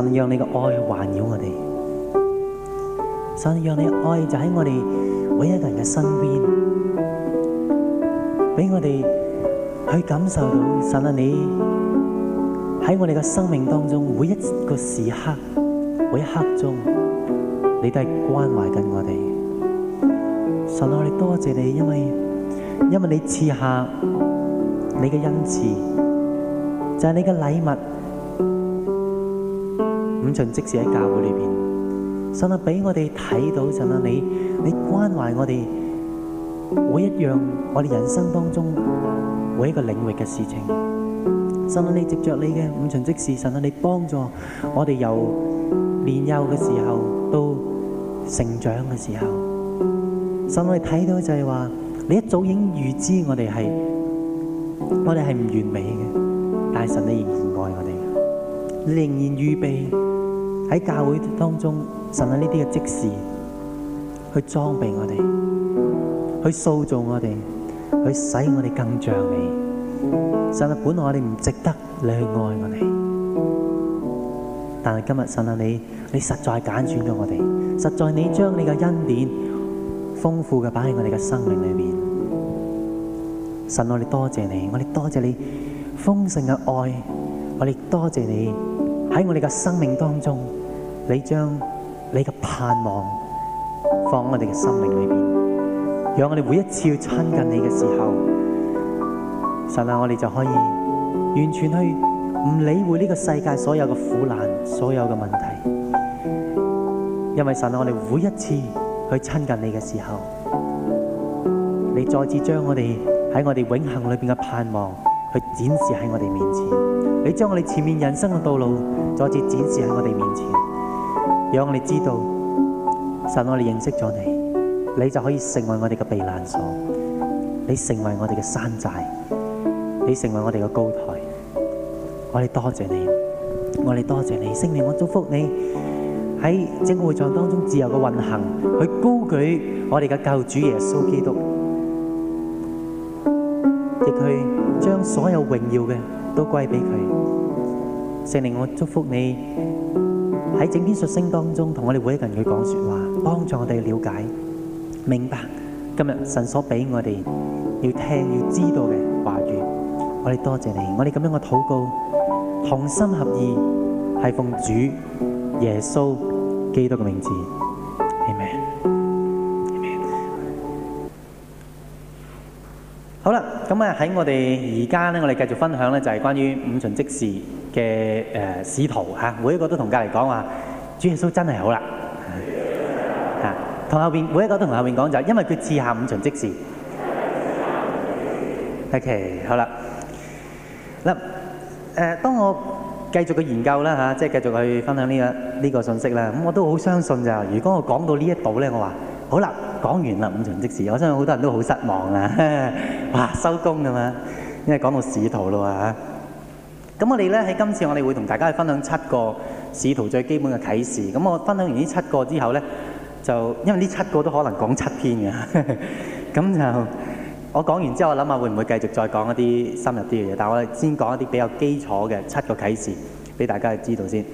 神讓你嘅愛環繞我哋，神讓你嘅愛就喺我哋每一個人嘅身邊，俾我哋去感受到神啊！你喺我哋嘅生命當中每一個時刻每一刻鐘，你都係關懷緊我哋。神我哋多謝，謝你，因為因為你賜下你嘅恩賜，就係、是、你嘅禮物。五旬職事喺教會裏邊，神啊俾我哋睇到，神啊你你關懷我哋，每一樣我哋人生當中每一個領域嘅事情，神啊你藉着你嘅五旬職事，神啊你幫助我哋由年幼嘅時候到成長嘅時候，神你睇到就係話，你一早已經預知我哋係我哋係唔完美嘅，但係神你仍然愛我哋，你仍然預備。喺教會當中，神啊呢啲嘅即時去裝備我哋，去塑造我哋，去使我哋更像你。神啊，本來我哋唔值得你去愛我哋，但係今日神啊，你你實在揀選咗我哋，實在你將你嘅恩典豐富嘅擺喺我哋嘅生命裏面。神啊，我哋多謝你，我哋多謝你豐盛嘅愛，我哋多謝你喺我哋嘅生命當中。你將你嘅盼望放喺我哋嘅心靈裏邊，讓我哋每一次去親近你嘅時候，神啊，我哋就可以完全去唔理會呢個世界所有嘅苦難、所有嘅問題，因為神啊，我哋每一次去親近你嘅時候，你再次將我哋喺我哋永恆裏邊嘅盼望去展示喺我哋面前，你將我哋前面人生嘅道路再次展示喺我哋面前。讓我哋知道，神，我哋認識咗你，你就可以成為我哋嘅避難所，你成為我哋嘅山寨，你成為我哋嘅高臺。我哋多謝你，我哋多謝你，聖靈，我祝福你喺整個會場當中自由嘅運行，去高舉我哋嘅救主耶穌基督，亦去將所有榮耀嘅都歸俾佢。聖靈，我祝福你。喺整篇述聲當中，同我哋每一個人去講說話，幫助我哋了解、明白今日神所俾我哋要聽、要知道嘅話語。我哋多謝你，我哋咁樣嘅禱告，同心合意，係奉主耶穌基督嘅名字。Amen。好啦，咁啊喺我哋而家咧，我哋繼續分享咧，就係關於五旬節事。嘅誒使徒嚇，每一個都同隔籬講話，主耶穌真係好啦嚇，同後邊每一個都同後邊講，就係因為佢置下五旬即時。OK，好啦，嗱誒，當我繼續嘅研究啦嚇，即係繼續去分享呢個呢個信息啦。咁我都好相信就係，如果我講到呢一步咧，我話好啦，講完啦五旬即時，我相信好多人都好失望啊！哇，收工㗎嘛，因為講到使徒啦喎嚇。咁我哋咧喺今次我哋會同大家去分享七個使徒最基本嘅啟示。咁我分享完呢七個之後咧，就因為呢七個都可能講七篇嘅，咁 就我講完之後，我諗下會唔會繼續再講一啲深入啲嘅嘢？但係我哋先講一啲比較基礎嘅七個啟示俾大家去知道先。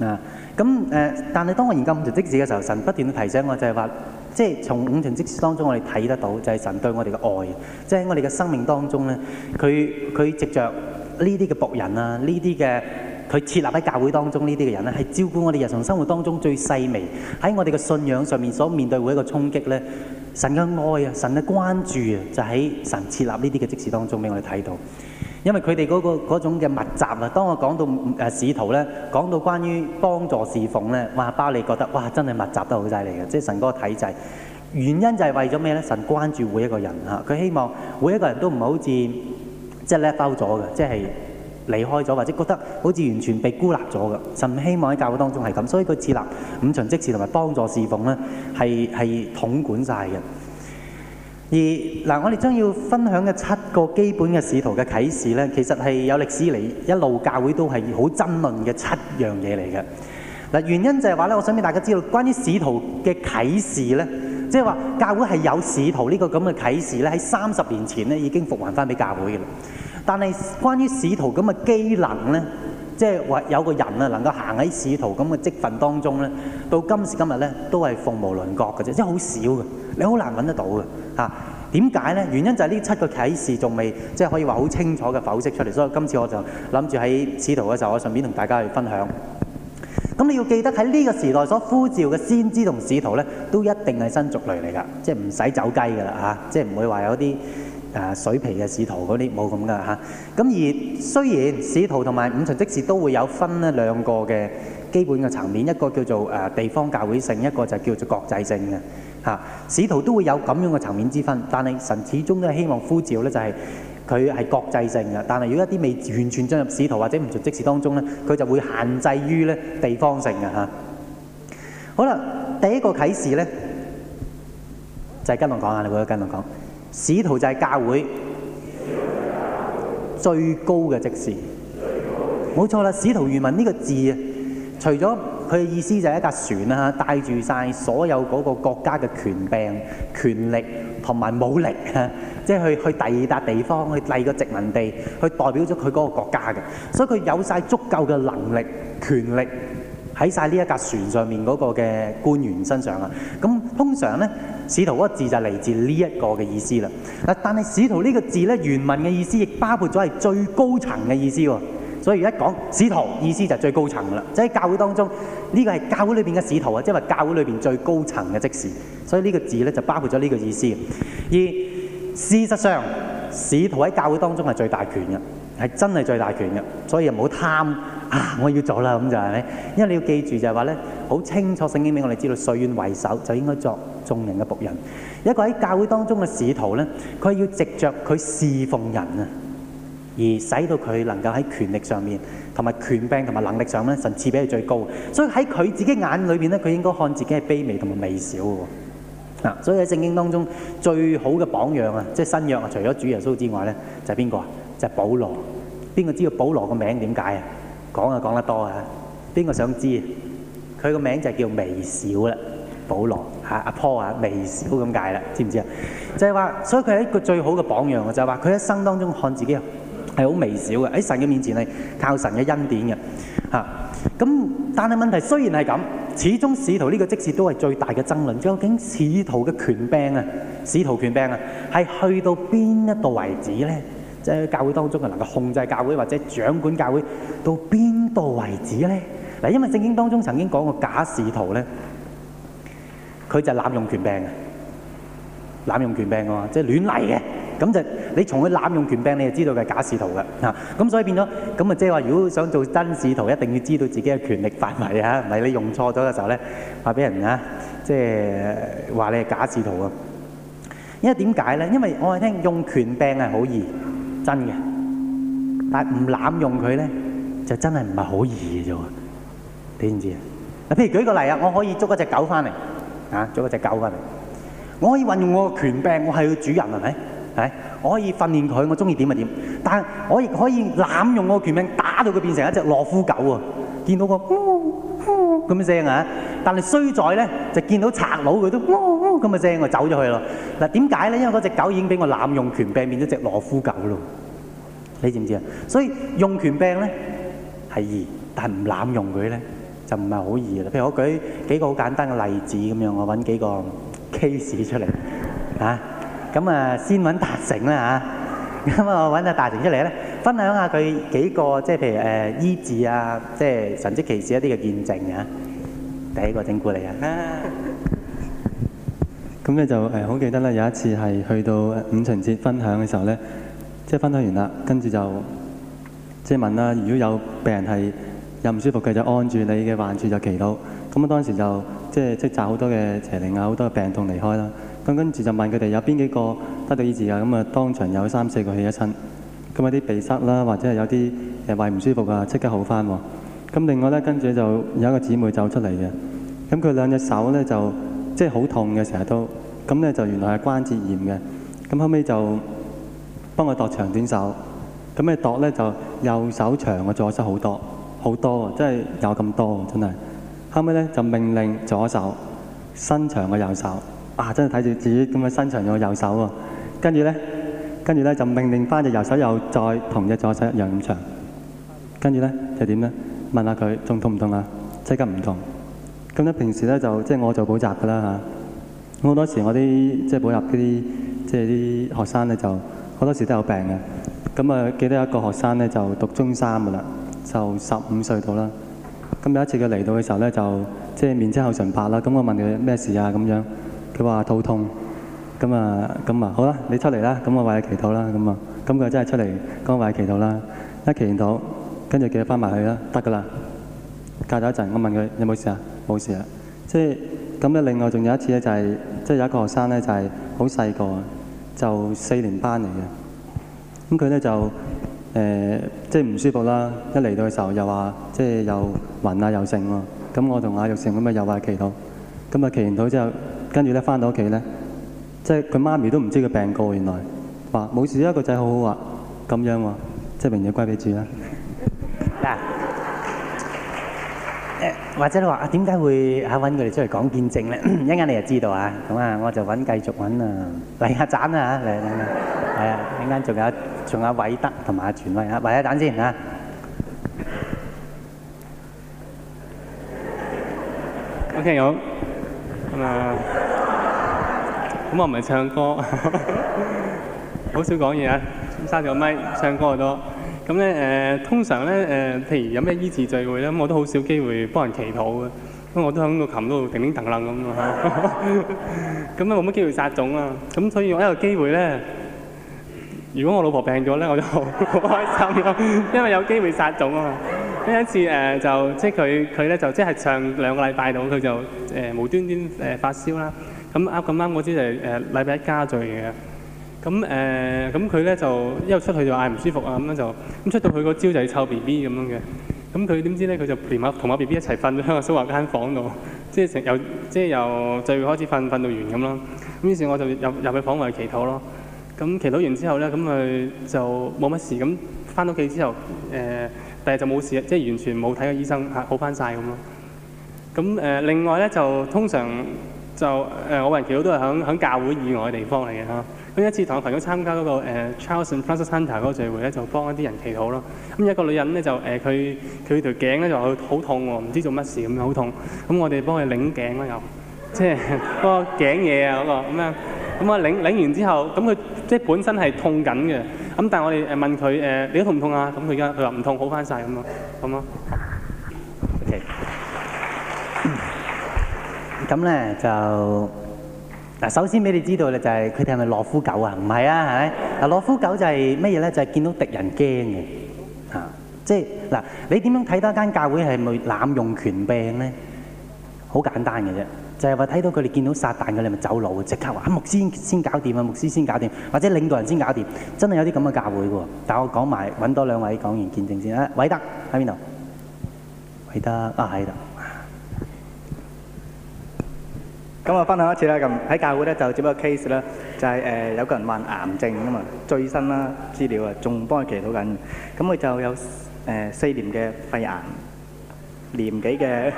啊，咁誒，但係當我研究五旬節嘅時候，神不斷提醒我就，就係話，即係從五旬節當中我哋睇得到，就係神對我哋嘅愛。即係喺我哋嘅生命當中咧，佢佢藉著。呢啲嘅僕人啊，呢啲嘅佢設立喺教會當中呢啲嘅人咧，啊，係照顧我哋日常生活當中最細微喺我哋嘅信仰上面所面對的每一個衝擊咧，神嘅愛啊，神嘅關注啊，就喺神設立呢啲嘅職事當中俾我哋睇到。因為佢哋嗰個嗰種嘅密集啊，當我講到誒使徒咧，講到關於幫助侍奉咧，哇，包你覺得哇，真係密集得好犀利嘅，即係神嗰個體制。原因就係為咗咩咧？神關注每一個人啊，佢希望每一個人都唔好佔。即係 let go 咗嘅，即係離開咗，或者覺得好似完全被孤立咗嘅，神希望喺教會當中係咁，所以佢設立五旬即事同埋幫助侍奉咧，係系統管晒嘅。而嗱，我哋將要分享嘅七個基本嘅使徒嘅啟示咧，其實係有歷史嚟一路教會都係好爭論嘅七樣嘢嚟嘅。嗱，原因就係話咧，我想俾大家知道，關於使徒嘅啟示咧，即係話教會係有使徒呢個咁嘅啟示咧，喺三十年前咧已經復還翻俾教會嘅啦。但係關於使徒咁嘅機能呢，即係話有個人啊，能夠行喺使徒咁嘅職份當中呢，到今時今日呢，都係鳳毛麟角嘅啫，即係好少嘅，你好難揾得到嘅嚇。點解呢，啊？原因就係呢七個啟示仲未即係、就是、可以話好清楚嘅剖析出嚟，所以今次我就諗住喺使徒嘅時候，我順便同大家去分享。咁你要記得喺呢個時代所呼召嘅先知同使徒呢，都一定係新族類嚟㗎，即係唔使走雞㗎啦嚇，即係唔會話有啲。誒水皮嘅使徒嗰啲冇咁噶嚇，咁而雖然使徒同埋五旬即時都會有分咧兩個嘅基本嘅層面，一個叫做誒地方教會性，一個就叫做國際性嘅嚇。使徒都會有咁樣嘅層面之分，但係神始終都係希望呼召咧，就係佢係國際性嘅。但係如果一啲未完全進入使徒或者五旬即時當中咧，佢就會限制於咧地方性嘅嚇。好啦，第一個啟示咧就係跟我講下，你會跟我講。使徒就係教會，教會最高嘅職事。冇錯啦。使徒原文呢個字啊，除咗佢嘅意思就係一架船啊，帶住晒所有嗰個國家嘅權柄、權力同埋武力即係，就是，去去第二笪地方，去第二個殖民地，去代表咗佢嗰個國家嘅，所以佢有晒足夠嘅能力、權力喺晒呢一架船上面嗰個嘅官員身上啊。咁通常咧。使徒嗰個字就嚟自呢一個嘅意思啦。但係使徒呢個字呢，原文嘅意思，亦包括咗係最高層嘅意思喎。所以一講使徒，意思就係最高層啦。即係教會當中呢個係教會裏面嘅使徒啊，即係話教會裏面最高層嘅職事。所以呢個字呢，就包括咗呢個意思。而事實上，使徒喺教會當中係最大權嘅，係真係最大權嘅，所以唔好貪。啊！我要做啦，咁就係、是、咪？因為你要記住就係話咧，好清楚聖經俾我哋知道，誰願為首就應該作眾人嘅僕人。一個喺教會當中嘅使徒咧，佢係要藉著佢侍奉人啊，而使到佢能夠喺權力上面同埋權柄同埋能力上咧，甚至比佢最高。所以喺佢自己眼裏邊咧，佢應該看自己係卑微同埋微小嘅。嗱、啊，所以喺聖經當中最好嘅榜樣啊，即、就、係、是、新約啊，除咗主耶穌之外咧，就係邊個啊？就係、是、保羅。邊個知道保羅個名點解啊？講就講得多啊！邊個想知？佢個名就叫微小啦，保羅嚇阿坡啊，微小咁解啦，知唔知啊？就係、是、話，所以佢係一個最好嘅榜樣就係話，佢一生當中看自己係好微小嘅，喺神嘅面前係，靠神嘅恩典嘅嚇。咁、啊、但係問題雖然係咁，始終使徒呢個職責都係最大嘅爭論，究竟使徒嘅權柄啊，使徒權柄啊，係去到邊一度為止咧？即係教會當中係能夠控制教會或者掌管教會到邊度為止咧？嗱，因為聖經當中曾經講過假使徒咧，佢就係濫用權柄嘅，濫用權柄嘅喎，即係亂嚟嘅。咁就你從佢濫用權柄，你就知道嘅假使徒啦。嗱，咁所以變咗咁啊，即係話如果想做真使徒，一定要知道自己嘅權力範圍啊，唔係你用錯咗嘅時候咧，話俾人啊，即係話你係假使徒啊。因為點解咧？因為我係聽用權柄係好易。真嘅，但係唔濫用佢咧，就真係唔係好易嘅啫。你知唔知啊？嗱，譬如舉個例啊，我可以捉一隻狗翻嚟，啊，捉一隻狗翻嚟，我可以運用我嘅權柄，我係佢主人，係咪？係，我可以訓練佢，我中意點就點。但係我亦可以濫用我嘅權柄，打到佢變成一隻懦夫狗啊！見到個，哼哼咁嘅聲啊！但係衰仔咧，就見到賊佬佢都咁嘅聲，我走咗去咯。嗱，點解咧？因為嗰隻狗已經俾我濫用權柄變咗隻羅夫狗咯。你知唔知啊？所以用權柄咧係易，但係唔濫用佢咧就唔係好易啦。譬如我舉幾個好簡單嘅例子咁樣，我揾幾個 case 出嚟啊。咁啊，先揾達成啦吓。咁啊，揾個 大成出嚟咧，分享下佢幾個即係譬如誒醫治啊，即係神蹟奇事一啲嘅見證啊。第一個正果嚟啊！咁 咧就誒好記得啦，有一次係去到五旬節分享嘅時候咧，即係分享完啦，跟住就即係問啦，如果有病人係又唔舒服嘅，就按住你嘅患處就祈禱。咁啊，當時就即係積集好多嘅邪靈啊，好多嘅病痛離開啦。咁跟住就問佢哋有邊幾個得到醫治啊？咁啊，當場有三四個起咗身，咁啊啲鼻塞啦，或者係有啲誒胃唔舒服啊，即刻好翻喎。咁另外咧，跟住就有一個姊妹走出嚟嘅，咁佢兩隻手咧就即係好痛嘅，成日都咁咧就原來係關節炎嘅。咁後尾就幫我度長短手，咁你度咧就右手長過左手好多好多，即係有咁多，真係。後尾咧就命令左手伸長嘅右手。哇、啊！真係睇住自己咁樣伸長咗右手喎，跟住咧，跟住咧就命令翻隻右手又再同隻左手一樣咁長。跟住咧就點咧？問下佢仲痛唔痛啊？即刻唔痛。咁咧平時咧就即係、就是、我做補習㗎啦嚇。咁好多時我啲即係補習嗰啲即係啲學生咧，就好多時都有病嘅。咁啊，記得有一個學生咧就讀中三㗎啦，就十五歲到啦。咁有一次佢嚟到嘅時候咧，就即係、就是、面青口唇白啦。咁我問佢咩事啊？咁樣。佢話肚痛咁啊，咁啊，好啦，你出嚟啦，咁我為佢祈禱啦，咁啊，咁佢真係出嚟，咁我為佢祈禱啦，一祈禱，跟住叫佢翻埋去啦，得㗎啦。隔咗一陣，我問佢有冇事啊？冇事啊。即係咁咧。另外仲有一次咧、就係，就係即係有一個學生咧，就係好細個啊，就四年班嚟嘅。咁佢咧就誒、呃、即係唔舒服啦。一嚟到嘅時候又話即係又暈啊，又剩喎。咁我同阿玉成咁啊，又為佢祈禱。咁啊，祈完禱之後。跟住咧翻到屋企咧，即係佢媽咪都唔知佢病過，原來話冇事啊，個仔好好啊，咁樣喎，即係名嘢歸俾主啦。嗱，誒或者你話啊，點解會啊揾佢哋出嚟講見證咧？一陣間你就知道啊，咁啊我就揾繼續揾啊，嚟下盞啦嚇，嚟嚟嚟，係啊，一陣間仲有仲有偉德同埋阿傳威啊，嚟下盞先嚇。OK，我。咁啊，咁、嗯、我唔係唱歌，好少講嘢啊。咁揸住個咪唱歌又多。咁咧誒，通常咧誒、呃，譬如有咩醫治聚會咧，咁我都好少機會幫人祈禱嘅。咁我都響個琴度叮叮噸噸咁，咁咧冇乜機會撒種啊。咁所以我有一個機會咧，如果我老婆病咗咧，我就好開心咯、啊，因為有機會撒種啊。有一次誒、呃、就即係佢佢咧就即係上兩個禮拜度佢就誒、呃、無端端誒、呃、發燒啦。咁啱咁啱嗰日就誒、是呃、禮拜一家聚嘅。咁誒咁佢咧就一有出去就嗌唔舒服啊咁樣就咁出到去個朝就湊 B B 咁樣嘅。咁佢點知咧佢就連同我 B B 一齊瞓喺個小華間房度，即係由即係由最開始瞓瞓到完咁咯。於是我就入入去房內祈禱咯。咁祈禱完之後咧，咁佢就冇乜事。咁返到屋企之後誒。呃但係就冇事，即係完全冇睇過醫生，嚇好翻晒咁咯。咁誒、呃，另外咧就通常就誒、呃，我為人祈禱都係響響教會以外嘅地方嚟嘅嚇。咁一次同我朋友參加嗰、那個、呃、Charles and Francis Center 嗰個聚會咧，就幫一啲人祈禱咯。咁有一個女人咧就誒，佢佢條頸咧就好痛喎，唔知做乜事咁樣好痛。咁我哋幫佢擰頸咧又，即係嗰個頸嘢啊嗰個咁樣。咁啊擰擰完之後，咁佢即係本身係痛緊嘅。咁但係我哋誒問佢誒、呃，你都痛唔痛啊？咁佢而家佢話唔痛，好翻晒。咁咯，咁咯？OK。咁咧就嗱，首先俾你知道咧，就係佢哋係咪懦夫狗啊？唔係啊，係咪、啊？嗱，懦夫狗就係乜嘢咧？就係、是、見到敵人驚嘅，啊，即係嗱、啊，你點樣睇得間教會係咪濫用權柄咧？好簡單嘅啫。就係話睇到佢哋見到撒旦，佢哋咪走路，即刻話牧師先搞掂啊，牧師先搞掂，或者領導人先搞掂，真係有啲咁嘅教會喎。但係我講埋揾多兩位講完見證先。誒、啊，偉德喺邊度？偉德啊喺度。今日分享一次啦咁，喺教會咧就接一個 case 啦，就係誒有個人患癌症㗎嘛，最新啦資料啊，仲幫佢祈禱緊，咁佢就有誒四年嘅肺癌。年紀嘅，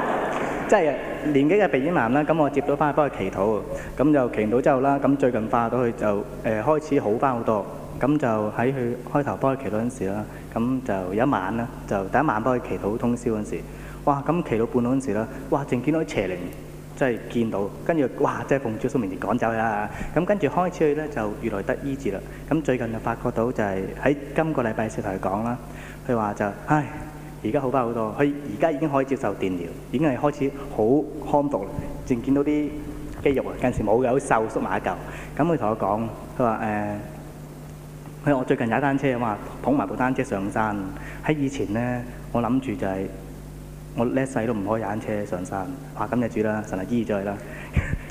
即係年紀嘅鼻咽癌啦，咁我接到翻去幫佢祈禱，咁就祈到之後啦，咁最近化到去，就、呃、誒開始好翻好多，咁就喺佢開頭幫佢祈禱嗰陣時啦，咁就有一晚啦，就第一晚幫佢祈禱通宵嗰陣時候，哇！咁祈到半路嗰陣時啦，哇！淨見到邪靈，即係見到，跟住哇！即係奉主的名就趕走啦、啊，咁跟住開始佢咧就越來越醫治啦，咁最近就發覺到就係喺今個禮拜先同佢講啦，佢話就唉。而家好翻好多，佢而家已經可以接受電療，已經係開始好康復啦，仲見到啲肌肉啊，近時冇嘅瘦，縮埋一嚿。咁佢同我講，佢話誒，佢、呃、我最近踩單車啊嘛，捧埋部單車上山。喺以前咧，我諗住就係、是、我呢一世都唔可以踩單車上山。哇！咁就住啦，神力依然在啦。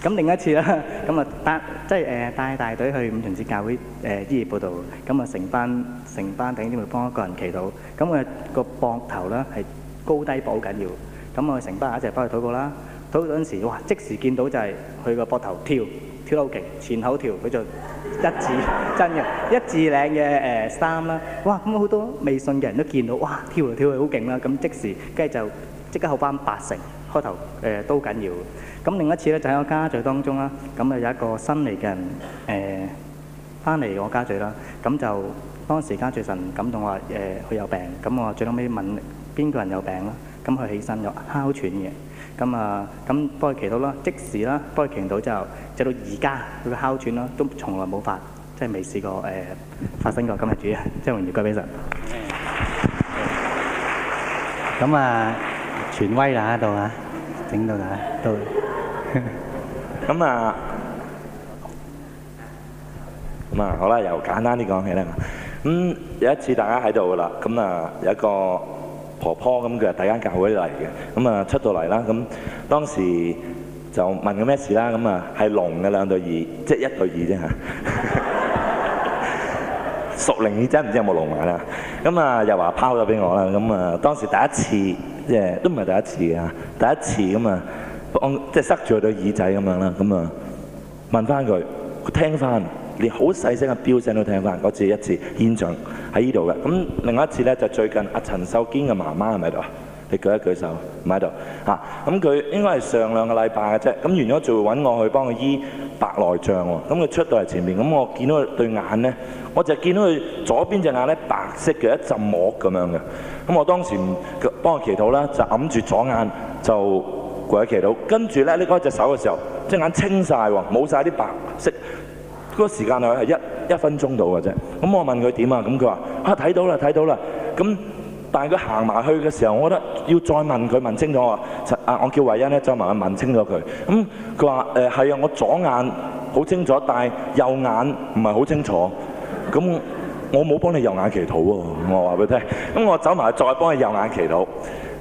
咁 另一次啦，咁啊帶即係誒帶大隊去五旬節教會誒、呃、醫業報道，咁啊成班成班弟兄咪幫一個人祈禱，咁佢個膊頭啦，係高低膊好緊要，咁我成班一齊幫佢禱告啦，禱告嗰陣時候哇即時見到就係佢個膊頭跳跳得好勁，前後跳佢就一字真嘅， 一字領嘅誒衫啦，哇咁好多未信嘅人都見到哇跳嚟跳去好勁啦，咁即時跟住就即刻後翻八成。開頭誒都緊要，咁另外一次咧就喺我家聚當中啦，咁啊有一個新嚟嘅人誒翻嚟我家聚啦，咁就當時家聚神感動話誒佢有病，咁我話最後尾問邊個人有病啦，咁佢起身有哮喘嘅，咁啊咁幫佢祈禱啦，即時啦幫佢祈禱之後，直到而家佢嘅哮喘啦都從來冇發，即係未試過誒發生過今日主啊，即係榮耀歸俾神。咁啊～權威啦喺度啊，整到啊，都咁啊，咁啊好啦，又簡單啲講起啦。咁有一次大家喺度噶啦，咁啊有一個婆婆咁，佢係大家教會嚟嘅，咁啊出到嚟啦，咁當時就問佢咩事啦，咁啊係龍嘅兩對耳，即係一對耳啫嚇。熟靈耳真唔知有冇龍埋啦，咁啊又話拋咗俾我啦，咁啊當時第一次。即係、yeah，都唔係第一次啊！第一次咁啊，幫、嗯、即係塞住佢對耳仔咁樣啦，咁啊問翻佢，佢聽翻，連好細聲嘅錶聲都聽翻，嗰次一次現象喺呢度嘅。咁另外一次咧，就係、最近阿陳秀堅嘅媽媽係咪度啊？你舉一舉手，唔喺度吓。咁佢應該係上兩個禮拜嘅啫。咁完咗就會搵我去幫佢醫白內障喎。咁佢出到嚟前面，咁我見到佢對眼咧，我就見到佢左邊隻眼咧白色嘅一陣膜咁樣嘅。咁我當時幫佢祈禱啦，就揞住左眼就跪喺祈禱。跟住咧拎開隻手嘅時候，隻眼清晒喎，冇晒啲白色。嗰個時間內係一一分鐘到嘅啫。咁我問佢點啊？咁佢話：啊，睇到啦，睇到啦。咁但係佢行埋去嘅時候，我覺得要再問佢問清楚啊！啊，我叫維恩咧，走埋去問清楚佢。咁佢話：誒係、呃、啊，我左眼好清楚，但係右眼唔係好清楚。咁我冇幫你右眼祈禱喎、啊，我話俾你聽。咁我走埋去再幫你右眼祈禱。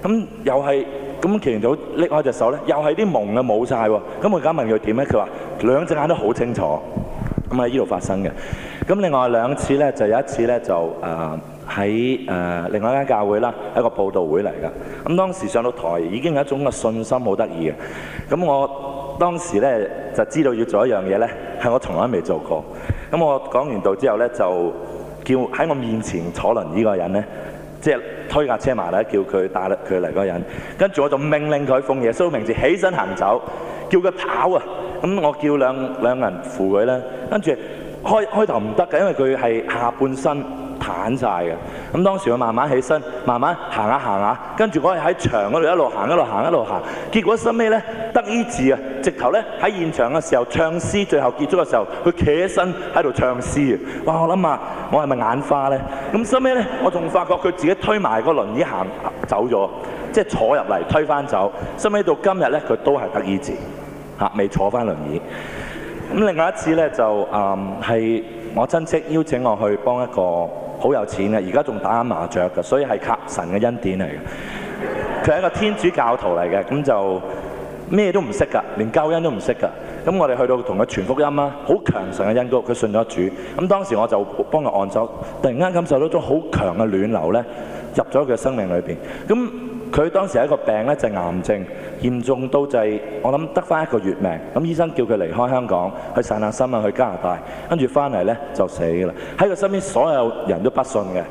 咁又係咁祈完禱，拎開隻手咧，又係啲矇啊冇晒喎。咁我而家問佢點咧？佢話兩隻眼都好清楚。咁喺呢度發生嘅。咁另外兩次咧，就有一次咧，就誒。呃喺誒、呃、另外間教會啦，一個報道會嚟㗎。咁當時上到台已經有一種嘅信心，很有趣，好得意嘅。咁我當時呢就知道要做一樣嘢呢，係我從來未做過。咁我講完道之後呢，就叫喺我面前坐輪椅嗰人呢，即、就、係、是、推架車埋咧，叫佢帶佢嚟嗰人。跟住我就命令佢奉耶穌名字起身行走，叫佢跑啊！咁我叫兩兩個人扶佢呢。跟住開開頭唔得嘅，因為佢係下半身。攤晒嘅，咁當時我慢慢起身，慢慢行下行下，跟住我係喺場嗰度一路行一路行一路行，結果收尾咧得醫治啊！直頭咧喺現場嘅時候唱詩，最後結束嘅時候，佢企起身喺度唱詩啊！哇！我諗啊，我係咪眼花咧？咁收尾咧，我仲發覺佢自己推埋個輪椅行走咗，即係坐入嚟推翻走。收尾到今日咧，佢都係得醫治，嚇未坐翻輪椅。咁另外一次咧就誒係、嗯、我親戚邀請我去幫一個。好有錢呀，而家仲打緊麻雀㗎，所以係係神嘅恩典嚟嘅。佢係一個天主教徒嚟嘅，咁就咩都唔識㗎，連救恩都唔識㗎。咁我哋去到同佢傳福音啦，好強盛嘅恩膏，佢信咗主。咁當時我就幫佢按咗，突然間感受到種好強嘅暖流呢，入咗佢嘅生命裏邊。咁佢當時有一個病咧，就係、癌症嚴重到滯、就是，我諗得翻一個月命。咁醫生叫佢離開香港，去散下心啊，去加拿大。跟住翻嚟咧就死啦。喺佢身邊所有人都不信嘅，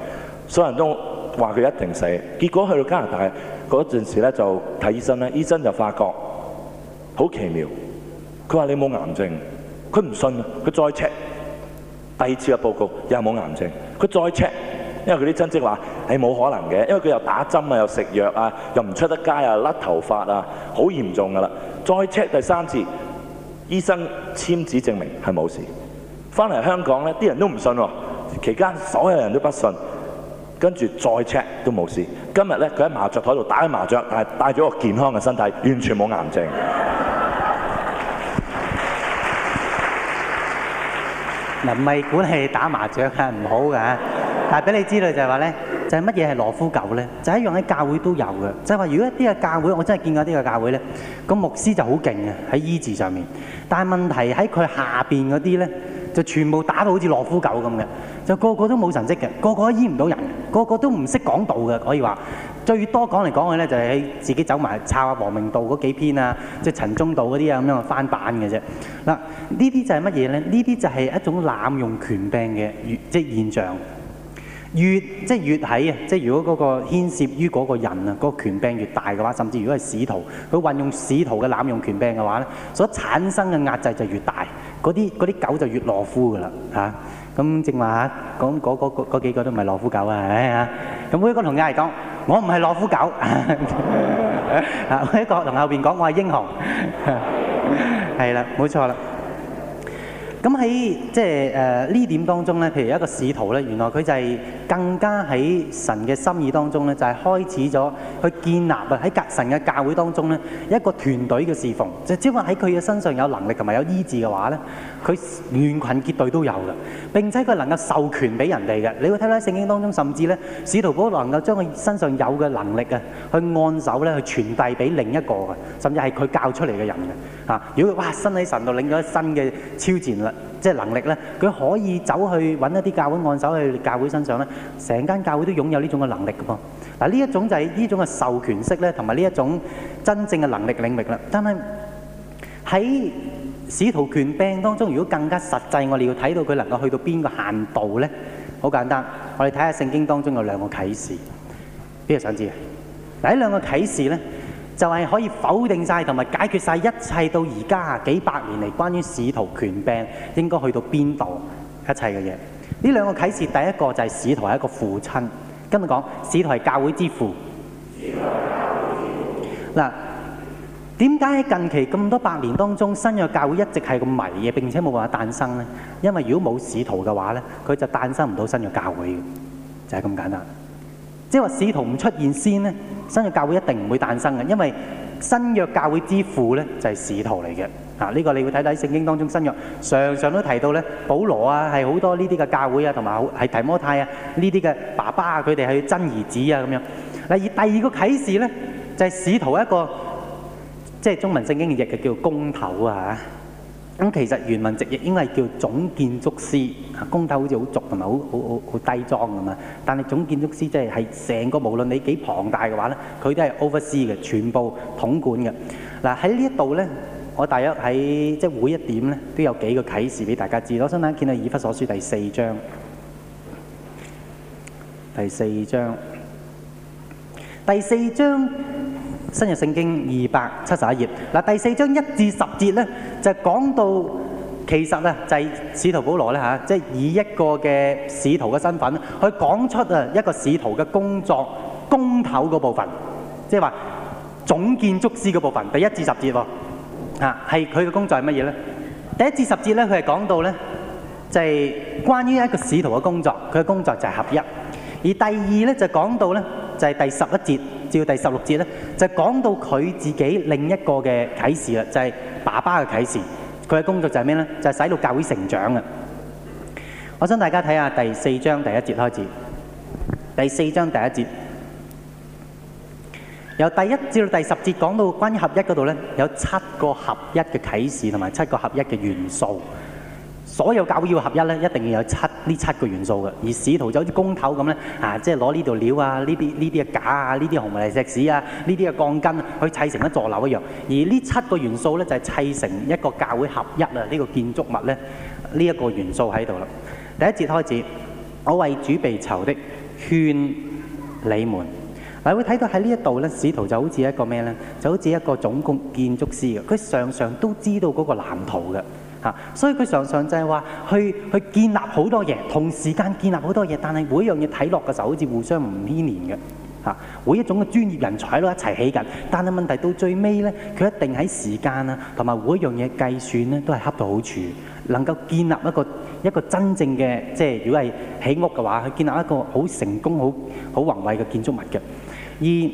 所有人都話佢一定死。結果去到加拿大嗰陣時咧就睇醫生咧，醫生就發覺好奇妙。佢話你冇癌症，佢唔信啊。佢再 check，第二次嘅報告又冇癌症，佢再 check。因為佢啲親戚話：，係、欸、冇可能嘅，因為佢又打針啊，又食藥啊，又唔出得街啊，甩頭髮啊，好嚴重㗎啦。再 check 第三次，醫生簽紙證明係冇事。翻嚟香港，呢啲人都唔信。期間所有人都不信，跟住再 check 都冇事。今日呢，佢喺麻雀台度打緊麻雀，但係帶咗個健康嘅身體，完全冇癌症。嗱、嗯，咪管係打麻雀係、啊、唔好㗎。但係俾你知道就係，就係話咧，就係乜嘢係羅夫狗咧？就係、一樣喺教會都有嘅，就係話如果一啲嘅教會，我真係見過啲嘅教會咧，個牧師就好勁嘅喺醫治上面，但係問題喺佢下邊嗰啲咧，就全部打到好似羅夫狗咁嘅，就個個都冇神跡嘅，個個都醫唔到人，個個都唔識講道嘅，可以話最多說來講嚟講去咧，就係喺自己走埋抄王明道嗰幾篇啊，即、就、係、是、陳忠道嗰啲啊咁樣翻版嘅啫。嗱，呢啲就係乜嘢咧？呢啲就係一種濫用權柄嘅即係現象。越即係越喺啊！即係如果嗰個牽涉於嗰個人啊，嗰個權柄越大嘅話，甚至如果係使徒，佢運用使徒嘅濫用權柄嘅話咧，所產生嘅壓制就越大，嗰啲嗰啲狗就越懦夫㗎喇嚇！咁正話嚇，講嗰嗰嗰嗰幾個都唔係懦夫狗啊！唉嚇，咁呢個同亞當講，我唔係懦夫狗。啊，呢個同後邊講，我係英雄。係啦，冇錯啦。咁喺即係誒呢點當中咧，譬如一個使徒咧，原來佢就係。更加喺神嘅心意當中咧，就係、是、開始咗去建立啊喺格神嘅教會當中咧，一個團隊嘅侍奉。就只不過喺佢嘅身上有能力同埋有醫治嘅話咧，佢聯群結隊都有嘅。並且佢能夠授權俾人哋嘅。你會睇到喺聖經當中，甚至咧，使徒保羅能夠將佢身上有嘅能力啊，去按手咧去傳遞俾另一個，嘅，甚至係佢教出嚟嘅人嘅。吓、啊。如果哇，身喺神度領咗新嘅超戰力。即係能力咧，佢可以走去揾一啲教會按手去教會身上咧，成間教會都擁有呢種嘅能力噶噃。嗱，呢一種就係呢種嘅授權式咧，同埋呢一種真正嘅能力領域啦。但係喺使徒權柄當中，如果更加實際，我哋要睇到佢能夠去到邊個限度咧？好簡單，我哋睇下聖經當中有兩個啟示，邊個想知啊？嗱，呢兩個啟示咧。就係可以否定晒同埋解決晒一切到而家幾百年嚟關於使徒權柄應該去到邊度一切嘅嘢。呢兩個啟示，第一個就係使徒係一個父親，今日講使徒係教，教會之父。嗱，點解喺近期咁多百年當中新約教會一直係咁迷嘢，並且冇辦法誕生咧？因為如果冇使徒嘅話咧，佢就誕生唔到新約教會嘅，就係、是、咁簡單。即係話使徒唔出現先咧，新約教會一定唔會誕生嘅，因為新約教會之父咧就係使徒嚟嘅。嗱、啊，呢、這個你會睇睇聖經當中新約常常都提到咧，保羅啊係好多呢啲嘅教會啊，同埋係提摩太啊呢啲嘅爸爸啊，佢哋係真兒子啊咁樣。嗱，而第二個啟示咧就係、是、使徒一個，即、就、係、是、中文聖經嘅譯嘅叫公頭啊。咁其實原文直譯應該係叫總建築師，工頭好似好俗，同埋好好好好低裝咁啊！但係總建築師即係係成個無論你幾龐大嘅話咧，佢都係 oversee 嘅，全部統管嘅。嗱，喺呢一度咧，我大約喺即係每一點咧，都有幾個啟示俾大家知。攞雙眼見到《以弗所書》第四章，第四章，第四章。新約聖經二百七十一頁頁第四章一至十節呢，就講到其實就係使徒保羅，即係以一個嘅使徒嘅身份去講出一個使徒嘅工作，工頭嗰部分，即係話總建築師嗰部分。第一至十節啊，係佢嘅工作係乜嘢呢？第一至十節他，佢係講到呢，就係關於一個使徒嘅工作，佢嘅工作就係合一。而第二呢，就講到呢，就係第十一節。照第十六節咧，就講到佢自己另一個嘅啟示啦，就係爸爸嘅啟示。佢嘅工作就係咩呢？就係使到教會成長嘅。我想大家睇下第四章第一節開始，第四章第一節由第一至到第十節講到關於合一嗰度呢，有七個合一嘅啟示同埋七個合一嘅元素。所有教會要合一咧，一定要有七呢七個元素嘅。而使徒就好似工頭咁咧，啊，即係攞呢度料啊，呢啲呢啲嘅架啊，呢啲紅泥石屎啊，呢啲嘅鋼筋、啊，去砌成一座樓一樣。而呢七個元素咧，就係、是、砌成一個教會合一啊！呢、這個建築物咧，呢、這、一個元素喺度啦。第一節開始，我為主被囚的，勸你們。嗱，會睇到喺呢一度咧，使徒就好似一個咩咧？就好似一個總工建築師嘅，佢常常都知道嗰個藍圖嘅。嚇！所以佢常常就係話，去去建立好多嘢，同時間建立好多嘢，但係每一樣嘢睇落嘅時候，好似互相唔黏連嘅。嚇！每一種嘅專業人才攞一齊起緊，但係問題到最尾咧，佢一定喺時間啊，同埋每一樣嘢計算咧，都係恰到好處，能夠建立一個一個真正嘅，即係如果係起屋嘅話，去建立一個好成功、好好宏偉嘅建築物嘅。而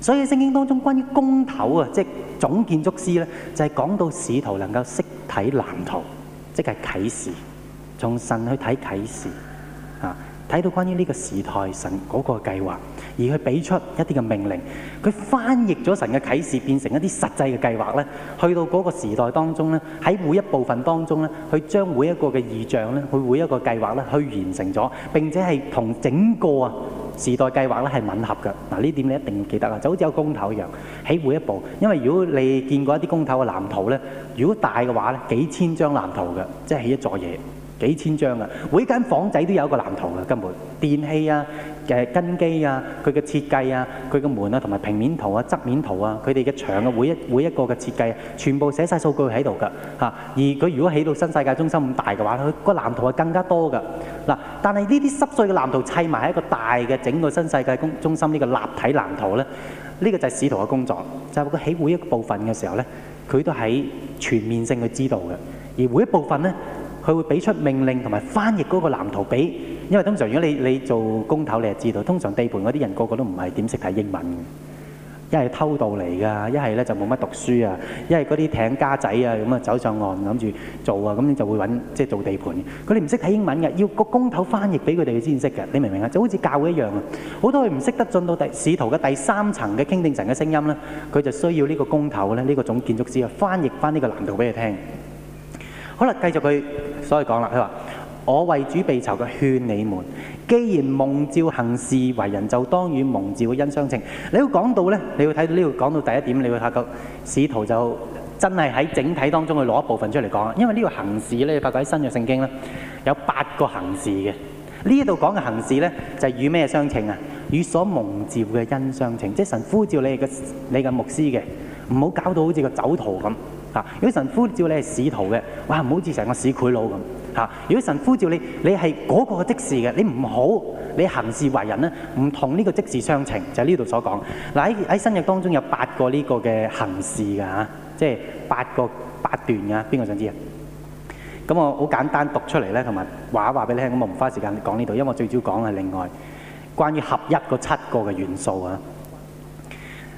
所以聖經當中關於工頭啊，即係。總建築師咧，就係、是、講到使徒能夠識睇藍圖，即係啟示，從神去睇啟示，啊，睇到關於呢個時代神嗰個計劃，而去俾出一啲嘅命令，佢翻譯咗神嘅啟示變成一啲實際嘅計劃咧，去到嗰個時代當中咧，喺每一部分當中咧，佢將每一個嘅意象咧，佢每一個計劃咧，去完成咗，並且係同整個。時代計劃是係吻合的，嗱，呢點你一定記得啊！就好似有公投一樣，喺每一步，因為如果你見過一啲公投嘅藍圖咧，如果大嘅話幾幾千張藍圖嘅，即係一座嘢，幾千張啊！每一間房仔都有一個藍圖嘅，根本電器啊。誒根基啊，佢嘅設計啊，佢嘅門啊，同埋平面圖啊、側面圖啊，佢哋嘅牆啊，每一每一個嘅設計，啊，全部寫晒數據喺度㗎嚇。而佢如果起到新世界中心咁大嘅話，佢個藍圖係更加多㗎嗱，啊。但係呢啲濕碎嘅藍圖砌埋喺一個大嘅整個新世界公中心呢個立體藍圖咧，呢，呢個就係使徒嘅工作。就佢，係，起每一部分嘅時候咧，佢都喺全面性去知道嘅。而每一部分咧，佢會俾出命令同埋翻譯嗰個藍圖俾。因為通常如果你你做工頭，你就知道通常地盤嗰啲人個個都唔係點識睇英文嘅，一係偷渡嚟噶，一係咧就冇乜讀書啊，一係嗰啲艇家仔啊咁啊走上岸諗住做啊，咁你就會揾即係做地盤。佢哋唔識睇英文嘅，要個工頭翻譯俾佢哋去先識嘅。你明唔明啊？就好似教會一樣啊！好多佢唔識得進到第使徒嘅第三層嘅傾聽神嘅聲音咧，佢就需要呢個工頭咧，呢個總建築師啊，翻譯翻呢個難度俾佢聽。好啦，繼續佢所以講啦，佢話。我為主被囚，嘅勸你們：既然蒙召行事，為人就當與蒙召的恩相稱。你要講到呢，你要睇到呢度講到第一點，你會發覺使徒就真係喺整體當中去攞一部分出嚟講。因為呢個行事，你發覺喺新約聖經呢，有八個行事嘅。呢度講嘅行事呢，就係與咩相稱啊？與所蒙召嘅恩相稱，即係神呼召你嘅，你嘅牧師嘅，唔好搞到好似個走徒咁。啊！如果神呼召你係使徒嘅，哇！唔好似成個市儈佬咁。嚇！如果神呼召你，你係嗰個是即時嘅，你唔好你行事為人咧，唔同呢個即時相情，就係呢度所講。嗱喺喺新約當中有八個呢個嘅行事㗎嚇，即係八個八段啊。邊個想知啊？咁我好簡單讀出嚟咧，同埋話一話俾你聽。咁我唔花時間講呢度，因為我最主要講係另外關於合一個七個嘅元素啊。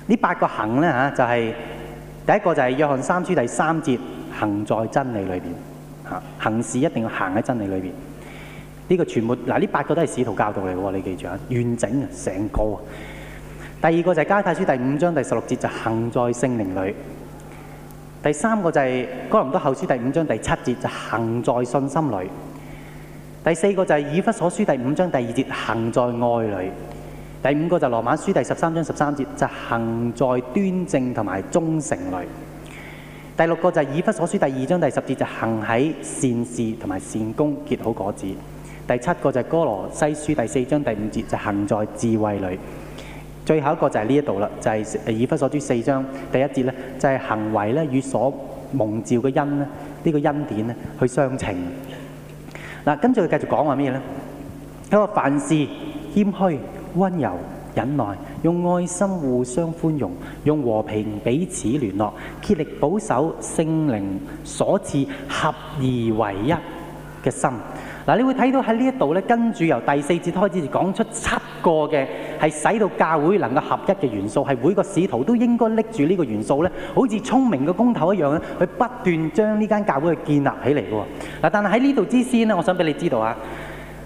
呢八個行咧嚇，就係、是。第一個就係約翰三書第三節「行在真理裏面」，行事一定要行喺真理裏面。呢個全部嗱，呢八個都係使徒教導嚟喎，你記住啊，完整啊，成個。第二個就係加太書第五章第十六節，就行在聖靈裏。第三個就係哥林多後書第五章第七節，就行在信心裏。第四個就係以弗所書第五章第二節，行在愛裏。第五個就係羅馬書第十三章十三節，就係、行在端正同埋忠誠裏。第六個就係以弗所書第二章第十節，就行喺善事同埋善功，結好果子。第七個就哥羅西書第四章第五節，就行在智慧裏。最後一個就係呢一度啦，就係、係、以弗所書四章第一節咧，就係行為咧與所蒙召嘅恩呢，呢、呢個恩典咧去相稱。嗱，跟住佢繼續講話咩嘢咧？佢話凡事謙虛。溫柔忍耐，用愛心互相寬容，用和平彼此聯絡，竭力保守聖靈所賜合而為一嘅心。嗱，你會睇到喺呢一度咧，跟住由第四節開始就講出七個嘅係使到教會能夠合一嘅元素，係每個使徒都應該拎住呢個元素咧，好似聰明嘅工頭一樣咧，去不斷將呢間教會去建立起嚟喎。嗱，但係喺呢度之先咧，我想俾你知道啊。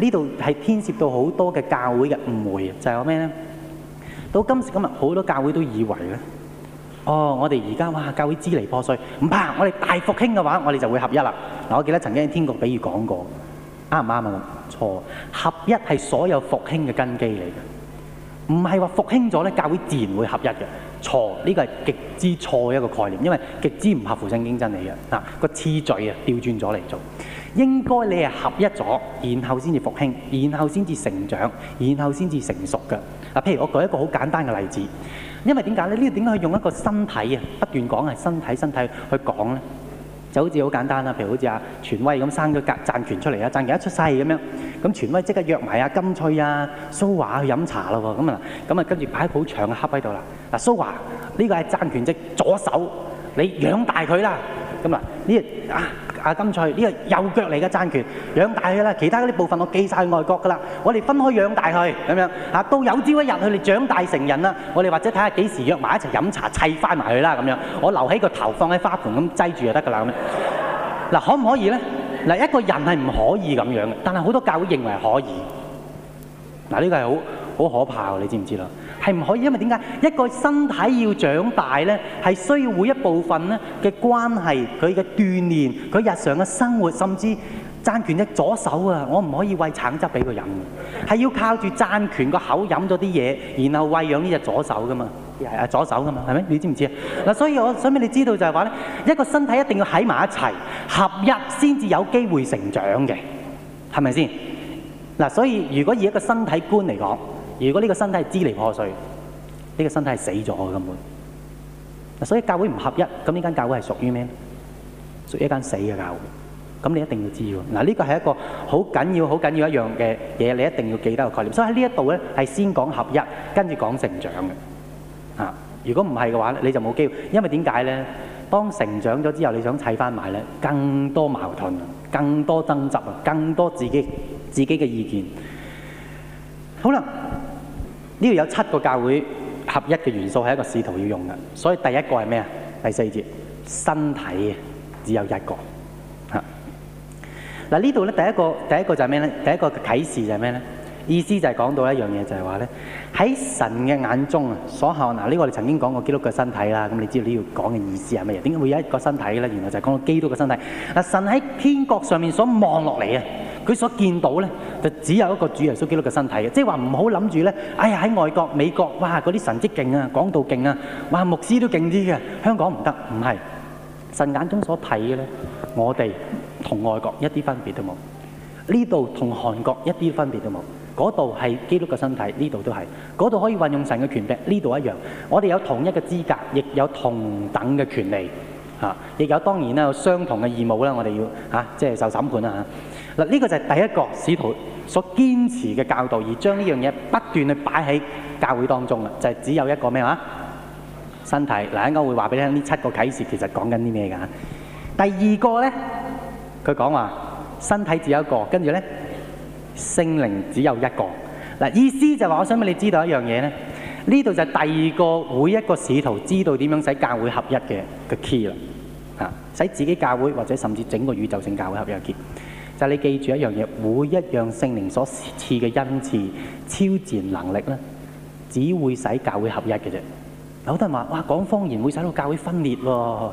呢度係牽涉到好多嘅教會嘅誤會，就係話咩咧？到今時今日，好多教會都以為咧，哦，我哋而家哇，教會支離破碎，唔怕，我哋大復興嘅話，我哋就會合一啦。嗱，我記得曾經天國比喻講過，啱唔啱啊？錯，合一係所有復興嘅根基嚟嘅，唔係話復興咗咧，教會自然會合一嘅。錯，呢個係極之錯嘅一個概念，因為極之唔合乎聖經真理嘅。嗱，個次序啊，調轉咗嚟做。應該你係合一咗，然後先至復興，然後先至成長，然後先至成熟嘅。嗱，譬如我舉一個好簡單嘅例子，因為點解咧？呢、這個點解用一個身體啊？不斷講係身體，身體去講咧，就好似好簡單啦。譬如好似阿權威咁生咗個贊權出嚟啊，贊權一出世咁樣，咁權威即刻約埋阿金翠啊、蘇華去飲茶咯喎。咁啊，咁啊，跟住擺喺好長嘅盒喺度啦。嗱，蘇華呢個係贊權隻左手，你養大佢啦。咁、這個、啊，呢啊。啊！金菜呢個右腳嚟嘅，爭權養大佢啦。其他嗰啲部分我寄晒去外國噶啦。我哋分開養大佢咁樣嚇、啊，到有朝一日佢哋長大成人啦，我哋或者睇下幾時約埋一齊飲茶砌翻埋佢啦咁樣。我留喺個頭，放喺花盆咁擠住就得噶啦咁樣。嗱，可唔可以咧？嗱，一個人係唔可以咁樣嘅，但係好多教會認為可以。嗱，呢個係好好可怕喎！你知唔知啦？係唔可以？因為點解一個身體要長大呢，係需要每一部分呢嘅關係，佢嘅鍛鍊，佢日常嘅生活，甚至掌權嘅左手啊！我唔可以餵橙汁畀佢飲，係要靠住掌權個口飲咗啲嘢，然後餵養呢隻左手㗎嘛，左手噶嘛，係咪？你知唔知道？嗱，所以我想俾你知道就係話呢，一個身體一定要喺埋一齊合一，先至有機會成長嘅，係咪先？嗱，所以如果以一個身體觀嚟講，如果呢個身體係支離破碎，呢個身體係死咗嘅根本。所以教會唔合一，咁呢間教會係屬於咩？屬於一間死嘅教會。咁你一定要知喎。嗱，呢個係一個好緊要、好緊要一樣嘅嘢，你一定要記得個概念。所以喺呢一度咧，係先講合一，跟住講成長嘅。啊，如果唔係嘅話咧，你就冇機會。因為點解咧？當成長咗之後，你想砌翻埋咧，更多矛盾，更多爭執，更多自己自己嘅意見。好啦。呢度有七個教會合一嘅元素係一個使徒要用嘅，所以第一個係咩啊？第四節身體嘅只有一個嚇。嗱、啊、呢度咧，第一個，第一個就係咩咧？第一個啟示就係咩咧？意思就係講到一樣嘢就係話咧，喺神嘅眼中啊所看，嗱呢、這個我哋曾經講過基督嘅身體啦，咁你知道呢度講嘅意思係乜嘢？點解會有一個身體咧？原來就係講到基督嘅身體。嗱，神喺天國上面所望落嚟啊！佢所見到咧，就只有一個主耶穌基督嘅身體嘅，即係話唔好諗住咧。哎呀，喺外國、美國，哇，嗰啲神蹟勁啊，講到勁啊，哇，牧師都勁啲嘅。香港唔得，唔係神眼中所睇嘅咧。我哋同外國一啲分別都冇，呢度同韓國一啲分別都冇。嗰度係基督嘅身體，呢度都係。嗰度可以運用神嘅權柄，呢度一樣。我哋有同一嘅資格，亦有同等嘅權利、啊、亦有當然啦，有相同嘅義務啦。我哋要、啊、即係受審判、啊嗱，呢個就係第一個使徒所堅持嘅教導，而將呢樣嘢不斷去擺喺教會當中啦。就係、是、只有一個咩啊？身體。嗱，會我會話俾你聽呢七個啟示其實講緊啲咩㗎？第二個咧，佢講話身體只有一個，跟住咧聖靈只有一個。嗱，意思就話我想俾你知道一樣嘢咧，呢度就係第二個每一個使徒知道點樣使教會合一嘅個 key 啦，嚇使自己教會或者甚至整個宇宙性教會合一嘅 key。但係你記住一樣嘢，每一樣聖靈所賜嘅恩賜、超自然能力咧，只會使教會合一嘅啫。有啲人話：哇，講方言會使到教會分裂喎，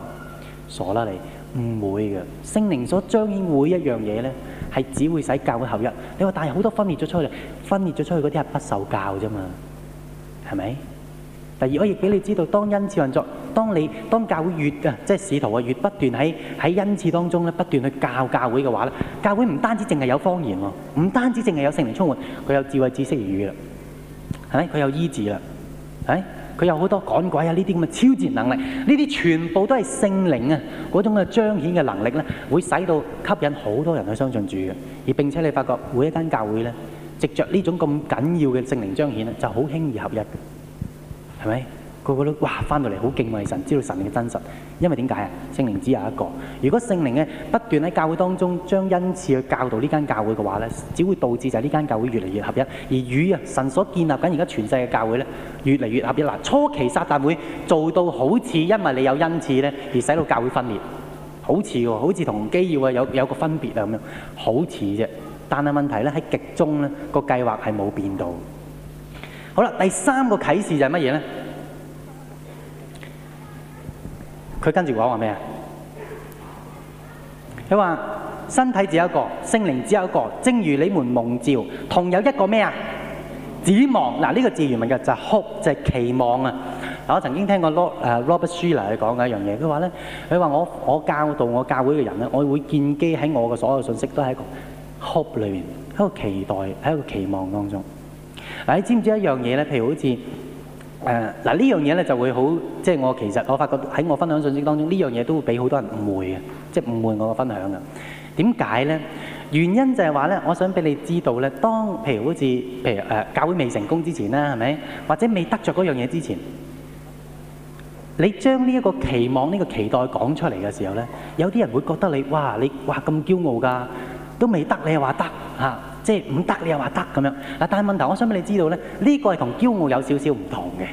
傻啦你，唔會嘅。聖靈所彰顯每一樣嘢咧，係只會使教會合一。你話，但係好多分裂咗出去，分裂咗出去嗰啲係不受教啫嘛，係咪？第二，我亦俾你知道，當恩賜運作，當你當教會越啊，即係使徒啊，越不斷喺喺恩賜當中咧，不斷去教教會嘅話咧，教會唔單止淨係有方言喎，唔單止淨係有聖靈充滿，佢有智慧知識而語啦，係咪？佢有醫治啦，係佢有好多趕鬼啊呢啲咁嘅超自然能力，呢啲全部都係聖靈啊嗰種嘅彰顯嘅能力咧，會使到吸引好多人去相信主嘅。而並且你發覺每一間教會咧，藉着呢種咁緊要嘅聖靈彰顯咧，就好輕易合一。係咪個個都哇翻到嚟好敬畏神，知道神嘅真實？因為點解啊？聖靈只有一個。如果聖靈咧不斷喺教會當中將恩賜去教導呢間教會嘅話咧，只會導致就係呢間教會越嚟越合一，而與啊神所建立緊而家全世界嘅教會咧越嚟越合一。嗱，初期撒旦會做到好似因為你有恩賜咧而使到教會分裂，好似喎，好似同基要啊有有個分別啊咁樣，好似啫。但係問題咧喺極中咧個計劃係冇變到。好啦，第三個啟示就係乜嘢咧？佢跟住講話咩啊？佢話身體只有一個，聖靈只有一個，正如你們蒙召，同有一個咩啊？指望。嗱，呢、這個字原文嘅就係 hope，就係期望啊！嗱，我曾經聽過羅誒 Robert Schuller 去講嘅一樣嘢，佢話咧，佢話我我教導我教會嘅人咧，我會建基喺我嘅所有信息都喺一個 hope 裏面，喺一個期待，喺一個期望當中。但你知唔知一樣嘢咧？譬如好似誒嗱呢樣嘢咧，呃、就會好即係我其實我發覺喺我分享信息當中，呢樣嘢都會俾好多人誤會嘅，即係誤會我個分享嘅。點解咧？原因就係話咧，我想俾你知道咧，當譬如好似譬如誒、呃、教會未成功之前咧，係咪？或者未得着嗰樣嘢之前，你將呢一個期望、呢、呢個期待講出嚟嘅時候咧，有啲人會覺得你哇你哇咁驕傲㗎，都未得你又話得嚇。即係唔得，你又話得咁樣嗱，但係問題，我想俾你知道咧，呢個係同驕傲有少少唔同嘅，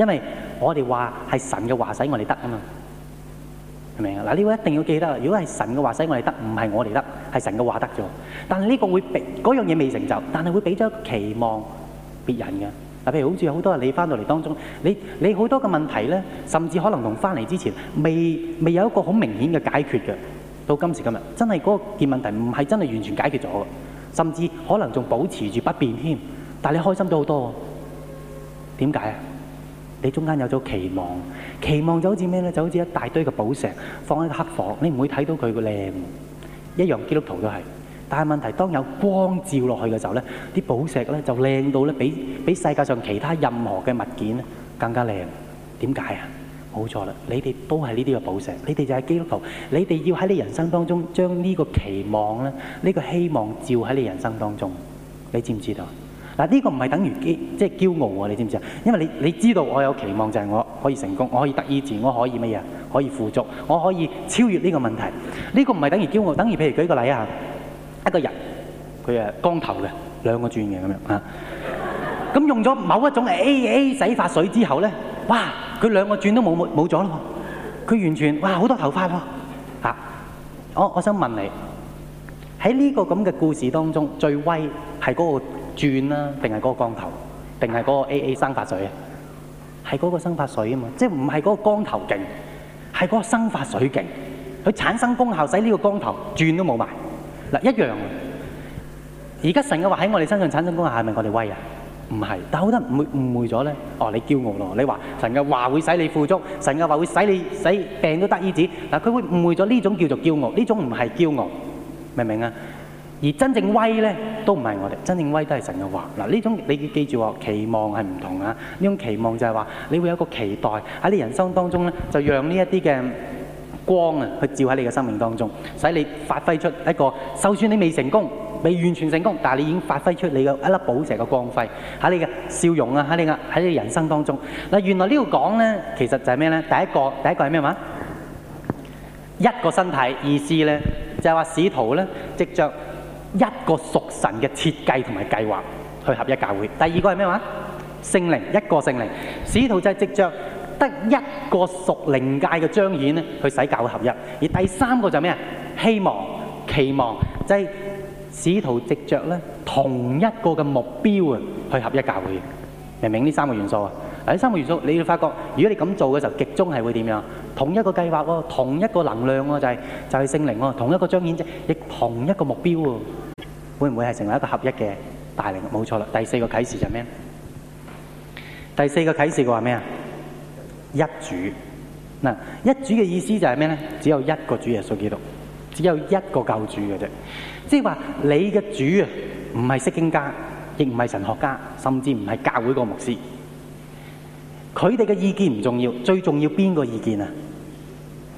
因為我哋話係神嘅話使我哋得啊嘛，明唔明啊？嗱，呢個一定要記得啦。如果係神嘅話使我哋得，唔係我哋得，係神嘅話得啫。但係呢個會俾嗰樣嘢未成就，但係會俾咗期望別人嘅嗱。譬如好似好多你翻到嚟當中，你你好多嘅問題咧，甚至可能同翻嚟之前未未有一個好明顯嘅解決嘅，到今時今日，真係嗰件問題唔係真係完全解決咗嘅。甚至可能仲保持住不變添，但係你開心咗好多。點解啊？你中間有咗期望，期望就好似咩咧？就好似一大堆嘅寶石放喺個黑房，你唔會睇到佢個靚。一樣基督徒都係，但係問題，當有光照落去嘅時候咧，啲寶石咧就靚到咧，比比世界上其他任何嘅物件更加靚。點解啊？冇錯啦，你哋都係呢啲嘅寶石，你哋就係基督徒，你哋要喺你人生當中將呢個期望咧，呢個希望照喺你人生當中，你知唔知道？嗱，呢個唔係等於即係驕傲啊！你知唔知啊？因為你你知道我有期望就係我可以成功，我可以得醫治，我可以乜嘢，可以富足，我可以超越呢個問題。呢個唔係等於驕傲，等於譬如舉個例啊，一個人佢係光頭嘅，兩個轉嘅咁樣啊，咁 用咗某一種 A A 洗髮水之後咧，哇！佢兩個轉都冇冇冇咗咯。佢完全哇好多頭髮喎嚇！我我想問你喺呢個咁嘅故事當中，最威係嗰個轉啦，定係嗰個光頭，定係嗰個 A A 生髮水啊？係嗰個生髮水啊嘛，即係唔係嗰個光頭勁，係嗰個生髮水勁，佢產生功效使呢個光頭轉都冇埋嗱一樣啊！而家成日話喺我哋身上產生功效係咪我哋威啊？唔係，但好多人誤誤，誤會咗咧。哦，你驕傲咯，你話神嘅話會使你富足，神嘅話會使你使病都得醫治。嗱，佢會誤會咗呢種叫做驕傲，呢種唔係驕傲，明唔明啊？而真正威咧都唔係我哋，真正威都係神嘅話。嗱，呢種你記住，期望係唔同啊。呢種期望就係話，你會有一個期待喺你人生當中咧，就讓呢一啲嘅光啊，去照喺你嘅生命當中，使你發揮出一個，就算你未成功。未完全成功，但係你已經發揮出你嘅一粒寶石嘅光輝。喺你嘅笑容啊，喺你嘅喺你人生當中嗱。原來呢個講咧，其實就係咩咧？第一個，第一個係咩話？一個身體意思咧，就係話使徒咧，即着一個屬神嘅設計同埋計劃去合一教會。第二個係咩話？聖靈一個聖靈，使徒就係即着得一個屬靈界嘅彰顯咧，去使教會合一。而第三個就係咩啊？希望期望即係。就是使徒藉着咧同一個嘅目標啊，去合一教會，明唔明呢三個元素啊？嗱，呢三個元素，你會發覺，如果你咁做嘅時候，集中係會點樣？同一個計劃喎，同一個能量喎，就係、係、就係聖靈喎，同一個彰顯者，亦同一個目標喎，會唔會係成為一個合一嘅大靈？冇錯啦，第四個啟示就係咩？第四個啟示話咩啊？一主嗱，一主嘅意思就係咩咧？只有一個主耶穌基督，只有一個救主嘅啫。即係話你嘅主啊，唔係釋經家，亦唔係神學家，甚至唔係教會個牧師。佢哋嘅意見唔重要，最重要邊個意見啊？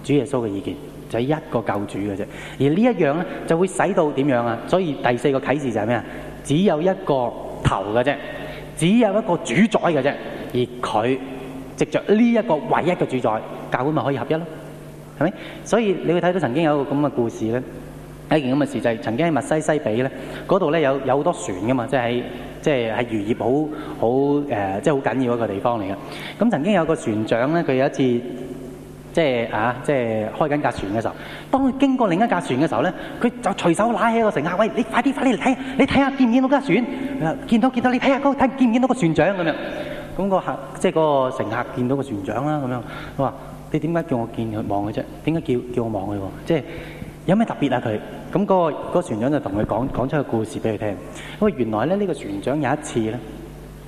主耶穌嘅意見就係一個教主嘅啫。而呢一樣咧，就會使到點樣啊？所以第四個啟示就係咩啊？只有一個頭嘅啫，只有一個主宰嘅啫。而佢藉着呢一個唯一嘅主宰，教會咪可以合一咯，係咪？所以你會睇到曾經有一個咁嘅故事咧。一件咁嘅事就係，是，曾經喺墨西西比咧，嗰度咧有有好多船噶嘛，即係即係喺漁業好好誒，即係好緊要的一個地方嚟嘅。咁曾經有個船長咧，佢有一次即係啊，即係開緊架船嘅時候，當佢經過另一架船嘅時候咧，佢就隨手拉起個乘客，喂，你快啲快啲嚟睇，你睇下見唔見到架船？誒，見到見到，你睇下睇見唔見到，見到，看看見到個船長咁樣。咁，那個客即係嗰個乘客見，就是，到個船長啦，咁樣，佢話：你點解叫我見佢望佢？啫，點解叫叫我望佢喎？即係。就是有咩特別啊？佢咁，嗰個嗰個船長就同佢講，講出個故事俾佢聽，因為原來咧呢個船長有一次咧，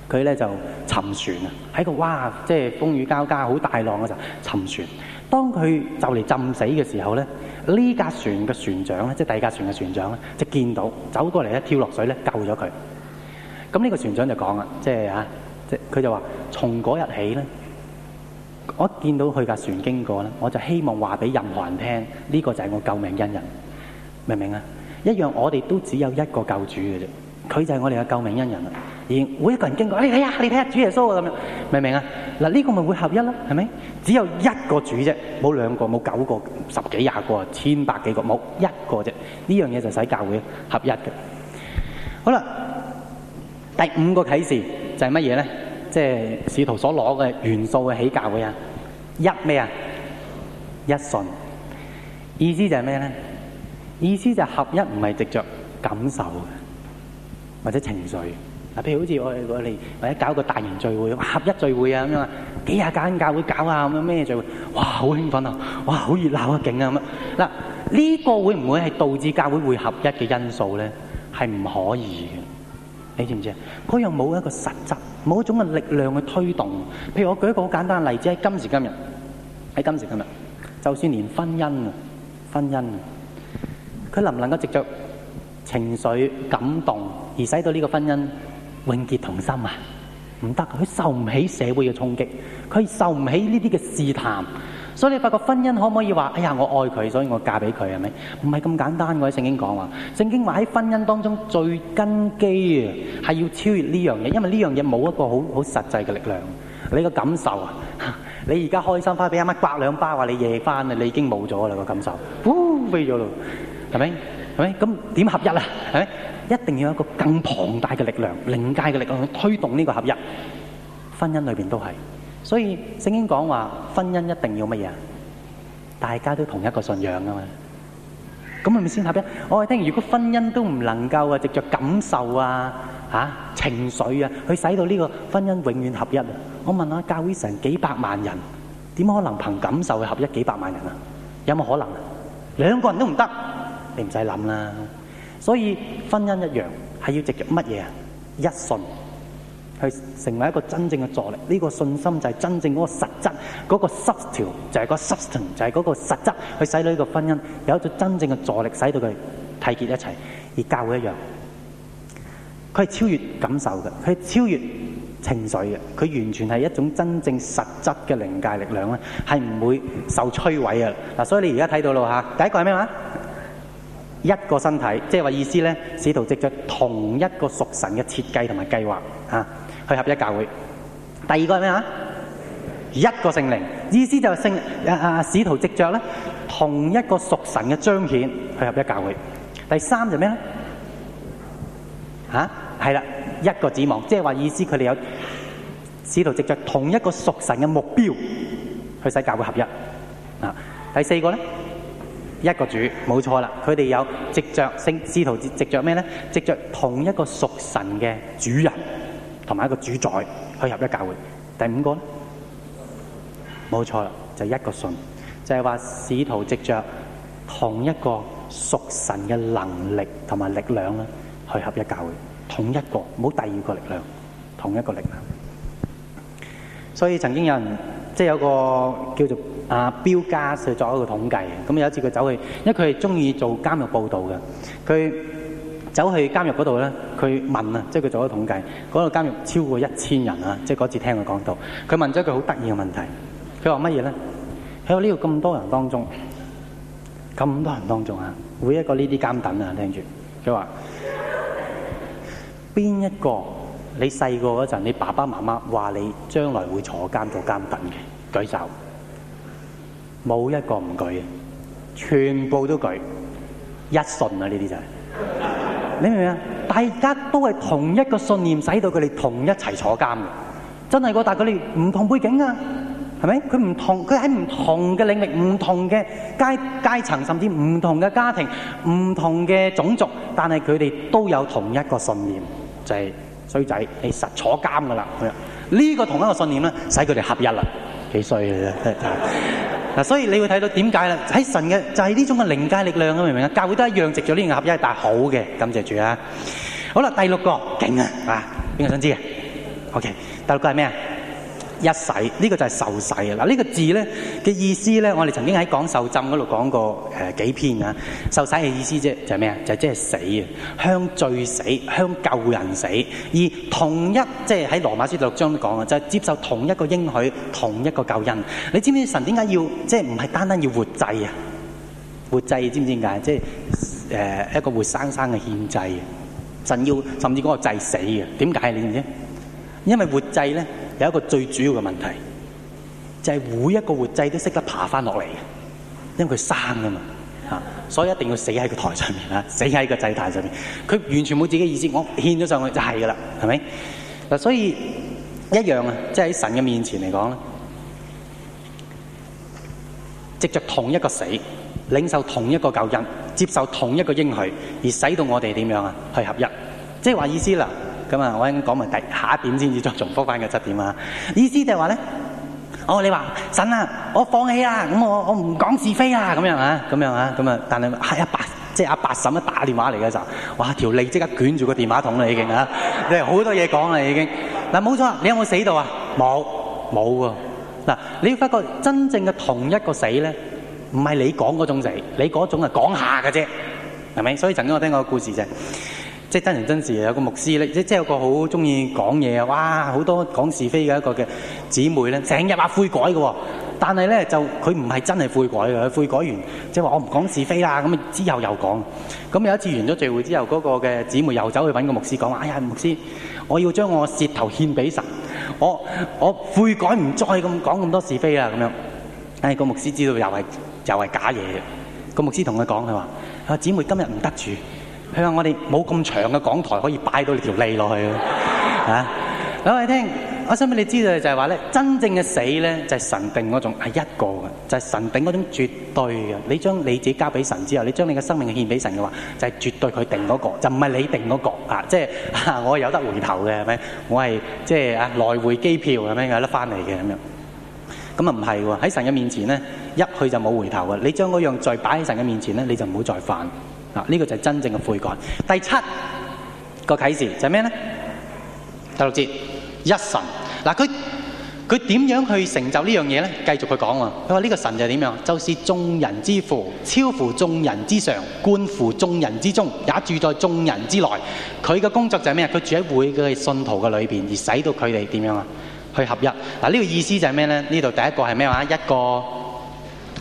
佢咧就沉船啊，喺個哇即係風雨交加、好大浪嘅時候沉船。當佢就嚟浸死嘅時候咧，呢架船嘅船長咧，即係第二架船嘅船長咧，就見到走過嚟咧，跳落水咧救咗佢。咁呢個船長就講啊，即係啊，即係佢就話從嗰日起咧。我見到佢架船經過咧，我就希望話俾任何人聽，呢個就係我救命恩人，明唔明啊？一樣我哋都只有一個救主嘅啫，佢就係我哋嘅救命恩人啦。而每一個人經過，你睇下，你睇下主耶穌啊，咁樣明唔明啊？嗱，呢個咪會合一咯，係咪？只有一個主啫，冇兩個，冇九個，十幾廿個，千百幾個，冇一個啫。呢樣嘢就使教會合一嘅。好啦，第五個啟示就係乜嘢咧？即係使徒所攞嘅元素嘅起教會啊，一咩啊，一信，意思就係咩咧？意思就係合一唔係藉著感受或者情緒。嗱，譬如好似我我哋或者搞個大型聚會，合一聚會啊咁樣，幾十間教會搞啊咁樣咩聚會，哇好興奮啊，哇好熱鬧啊，勁啊咁樣啊。嗱，呢個會唔會係導致教會會合一嘅因素咧？係唔可以嘅。你知唔知啊？佢又冇一個實質，冇一種嘅力量去推動。譬如我舉一個好簡單嘅例子，喺今時今日，喺今時今日，就算連婚姻，婚姻，佢能唔能夠藉著情緒感動而使到呢個婚姻永結同心啊？唔得，佢受唔起社會嘅衝擊，佢受唔起呢啲嘅試探。所以你發覺婚姻可唔可以話？哎呀，我愛佢，所以我嫁俾佢，係咪？唔係咁簡單嘅。喺聖經講話，聖經話喺婚姻當中最根基啊，係要超越呢樣嘢，因為呢樣嘢冇一個好好實際嘅力量。你個感受啊，你而家開心翻俾阿媽刮兩巴，話你夜翻，啊，你已經冇咗啦個感受，嗚飛咗咯，係咪？係咪？咁點合一啊？係咪？一定要有一個更龐大嘅力量，靈界嘅力量去推動呢個合一。婚姻裏邊都係。所以聖經講話，婚姻一定要乜嘢？大家都同一個信仰噶嘛？咁係咪先合一？我哋聽，如果婚姻都唔能夠啊，藉着感受啊、吓情緒啊，去使到呢個婚姻永遠合一啊？我問下教會成幾百萬人，點可能憑感受去合一幾百萬人啊？有冇可能啊？兩個人都唔得，你唔使諗啦。所以婚姻一樣係要藉着乜嘢？一信。去成為一個真正嘅助力，呢、這個信心就係真正嗰個實質，嗰、那個 subtle 就係個 substance 就係嗰個實質，去使到呢個婚姻有一種真正嘅助力，使到佢體結一齊，而教會一樣，佢係超越感受嘅，佢係超越情緒嘅，佢完全係一種真正實質嘅靈界力量咧，係唔會受摧毀嘅！嗱，所以你而家睇到啦嚇，第一個係咩話？一個身體，即係話意思咧，使徒藉著同一個屬神嘅設計同埋計劃啊。去合一教會。第二個係咩啊？一個聖靈，意思就係聖啊啊！使徒藉著咧，同一個屬神嘅彰顯去合一教會。第三就咩咧？吓、啊，係啦，一個指望，即係話意思，佢哋有使徒藉著同一個屬神嘅目標去使教會合一。啊，第四個咧，一個主，冇錯啦，佢哋有藉著聖使徒藉著咩咧？藉著同一個屬神嘅主人。同埋一個主宰去合一教會。第五個咧，冇錯啦，就一個信，就係話使徒藉著同一個屬神嘅能力同埋力量咧，去合一教會，同一個，冇第二個力量，同一個力量。所以曾經有人即係有個叫做阿彪加去作一個統計嘅，咁有一次佢走去，因為佢係中意做監獄報導嘅，佢。走去監獄嗰度咧，佢問啊，即係佢做咗統計，嗰個監獄超過一千人啊！即係嗰次聽佢講到，佢問咗一個好得意嘅問題，佢話乜嘢咧？喺我呢度咁多人當中，咁多人當中啊，每一個呢啲監等啊，聽住佢話，邊一個你細個嗰陣，你爸爸媽媽話你將來會坐監做監等嘅舉手，冇一個唔舉，全部都舉，一順啊呢啲就係、是。你明唔明啊？大家都係同一個信念，使到佢哋同一齊坐監嘅，真係個大，佢哋唔同背景啊，係咪？佢唔同，佢喺唔同嘅領域、唔同嘅階階層，甚至唔同嘅家庭、唔同嘅種族，但係佢哋都有同一個信念，就係衰仔，你實坐監噶啦！呢、這個同一個信念咧，使佢哋合一啦。幾歲嚟啫？嗱， 所以你會睇到點、哎就是、解啦？喺神嘅就係呢種嘅靈界力量啊！明唔明啊？教會都係一樣，藉咗呢個合一，但係好嘅，感謝主啊！好啦，第六個勁啊，係嘛？邊個想知啊？OK，第六個係咩啊？一世，呢、這個就係受洗。啊！嗱，呢個字咧嘅意思咧，我哋曾經喺講受浸嗰度講過誒幾篇啊。受洗嘅意思啫，就係咩啊？就係即係死啊，向罪死，向救人死。而同一即係喺羅馬書六章都講啊，就係、是、接受同一個應許，同一個救恩。你知唔知神點解要即係唔係單單要活祭啊？活祭知唔知點解？即係誒一個活生生嘅獻祭。神要甚至嗰個祭死嘅，點解你唔知，知？因為活祭咧。有一個最主要嘅問題，就係、是、每一個活祭都識得爬翻落嚟嘅，因為佢生噶嘛，吓，所以一定要死喺個台上面啦，死喺個祭壇上面，佢完全冇自己嘅意思，我獻咗上去就係噶啦，係咪？嗱，所以一樣啊，即係喺神嘅面前嚟講咧，藉着同一個死，領受同一個救恩，接受同一個應許，而使到我哋點樣啊，去合一，即係話意思啦。咁啊，我已經講埋第下一點先至再重複翻嘅七點啊！意思就係話咧，哦，你話神啊，我放棄啦，咁我我唔講是非啊，咁樣啊，咁樣啊，咁啊，但係係阿伯，即係阿伯嬸一打電話嚟嘅時候，哇，條脷即刻捲住個電話筒啦，已經啊，即係好多嘢講啦，已經嗱，冇錯，你有冇死到啊？冇，冇啊！嗱，你要發覺真正嘅同一個死咧，唔係你講嗰種死，你嗰種係講下嘅啫，係咪？所以曾經我聽過個故事啫。即真人真事，有個牧師咧，即即有個好中意講嘢啊，哇，好多講是非嘅一個嘅姊妹咧，成日話悔改嘅，但係咧就佢唔係真係悔改嘅，佢悔改完即話我唔講是非啦，咁之後又講。咁有一次完咗聚會之後，嗰個嘅姊妹又走去揾個牧師講話，哎呀牧師，我要將我舌頭獻俾神，我我悔改唔再咁講咁多是非啦，咁樣。唉，個牧師知道又係又係假嘢。個牧師同佢講佢話，啊姊妹今日唔得住。佢話：我哋冇咁長嘅講台可以擺到你條脷落去 啊！兩位聽，我想俾你知道嘅就係話咧，真正嘅死咧就係神定嗰種，係一個嘅，就係、是、神定嗰種絕對嘅。你將你自己交俾神之後，你將你嘅生命獻俾神嘅話，就係、是、絕對佢定嗰、那個，就唔係你定嗰、那個啊！即、啊、係、啊、我有得回頭嘅，係咪？我係即係啊，來回機票咁樣有得翻嚟嘅咁樣。咁啊唔係喎，喺神嘅面前咧，一去就冇回頭嘅。你將嗰樣罪擺喺神嘅面前咧，你就唔好再犯。嗱，呢個就係真正嘅悔改。第七個啟示就係咩呢？第六節一神。嗱，佢佢點樣去成就呢樣嘢呢？繼續佢講喎。佢話呢個神就係點樣？就是眾人之父，超乎眾人之上，貫乎眾人之中，也住在眾人之內。佢嘅工作就係咩？佢住喺會嘅信徒嘅裏邊，而使到佢哋點樣啊？去合一。嗱，呢個意思就係咩呢？呢度第一個係咩話？一個。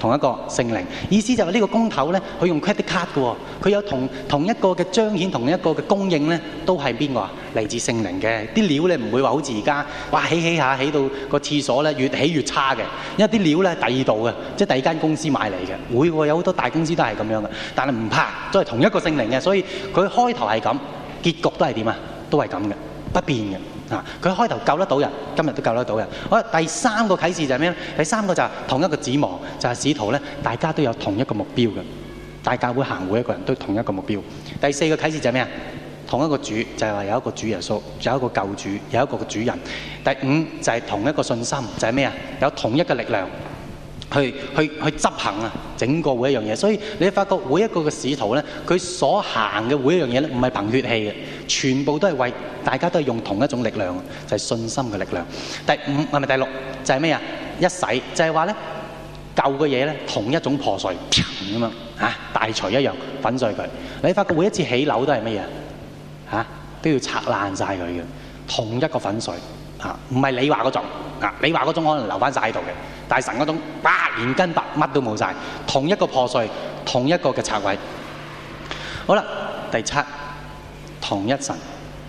同一個聖靈，意思就係呢個工頭呢，佢用 credit card 嘅喎、哦，佢有同同一個嘅彰顯，同一個嘅供應呢，都係邊個啊？嚟自聖靈嘅，啲料呢，唔會話好似而家，哇起起下起，起，起到個廁所呢，越起越差嘅，因為啲料呢第道的是第二度嘅，即係第二間公司買嚟嘅，會有好多大公司都係咁樣嘅，但係唔怕，都係同一個聖靈嘅，所以佢開頭係咁，結局都係點啊？都係咁嘅，不變嘅。嗱，佢開頭救得到人，今日都救得到人。好，第三個啟示就係咩咧？第三個就係同一個指望，就係使徒咧，大家都有同一個目標嘅，大家會行每一個人都有同一個目標。第四個啟示就係咩啊？同一個主就係話有一個主耶穌，有一個救主，有一個主人。第五就係同一個信心，就係咩啊？有同一個力量去去去執行啊，整個每一樣嘢。所以你發覺每一個嘅使徒咧，佢所行嘅每一樣嘢咧，唔係憑血氣嘅。全部都係為大家都係用同一種力量，就係、是、信心嘅力量。第五，係咪第六？就係咩啊？一洗就係話咧，舊嘅嘢咧，同一種破碎咁樣嚇、啊，大鎚一樣粉碎佢。你發覺每一次起樓都係咩嘢嚇？都要拆爛晒佢嘅，同一個粉碎嚇，唔、啊、係你話嗰種啊，你話嗰種可能留翻晒喺度嘅，但係神嗰種哇，連根拔，乜都冇晒，同一個破碎，同一個嘅拆毀。好啦，第七。同一神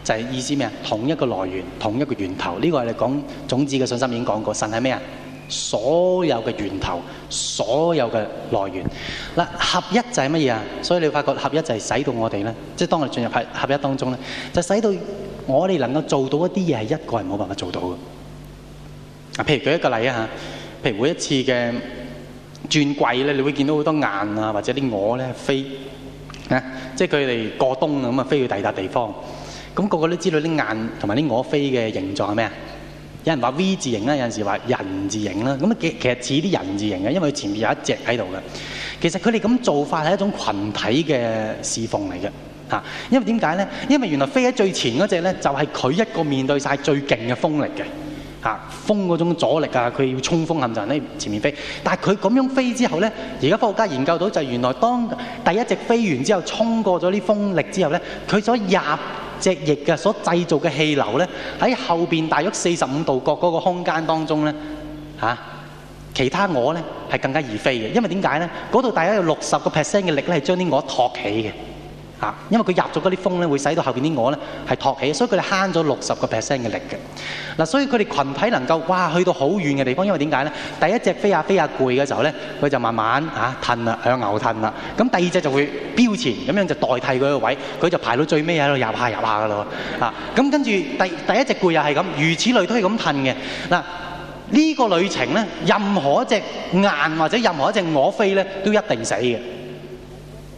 就係意思咩啊？同一個來源，同一個源頭。呢個係你講種子嘅信心已經講過。神係咩啊？所有嘅源頭，所有嘅來源。嗱，合一就係乜嘢啊？所以你會發覺合一就係使到我哋咧，即係當我哋進入合合一當中咧，就使到我哋能夠做到一啲嘢係一個人冇辦法做到嘅。啊，譬如舉一個例啊，譬如每一次嘅轉季咧，你會見到好多雁啊，或者啲鵝咧飛。啊、即係佢哋過冬咁啊，飛去第二笪地方。咁、那個個都知道啲雁同埋啲鵝飛嘅形狀係咩啊？有人話 V 字形啦，有陣時話人字形啦。咁、那、啊、個，其其實似啲人字形嘅，因為佢前面有一隻喺度嘅。其實佢哋咁做法係一種群體嘅侍奉嚟嘅嚇。因為點解咧？因為原來飛喺最前嗰隻咧，就係、是、佢一個面對晒最勁嘅風力嘅。嚇、啊、風嗰種阻力啊，佢要衝鋒陷陣前面飛，但係佢咁樣飛之後呢，而家科學家研究到就是原來當第一隻飛完之後衝過咗啲風力之後呢，佢所入隻翼嘅所製造嘅氣流呢，喺後邊大約四十五度角嗰個空間當中呢，啊、其他鵝呢係更加易飛嘅，因為點解呢？嗰度大概有六十個 percent 嘅力呢是係將啲鵝托起嘅。因為佢入咗嗰啲風咧，會使到後面啲鵝呢係托起的，所以佢哋慳咗六十個 percent 嘅力嘅。所以佢哋群體能夠哇去到好遠嘅地方，因為點解呢？第一隻飛下飛下攰嘅時候呢，佢就慢慢嚇褪、啊、向牛褪啦。咁第二隻就會飆前，咁樣就代替佢嘅位，佢就排到最尾喺度入下入下噶啊！咁跟住第第一隻攰又係咁，如此類推咁褪嘅。嗱，呢、這個旅程呢，任何一隻雁或者任何一隻鵝飛呢，都一定死嘅。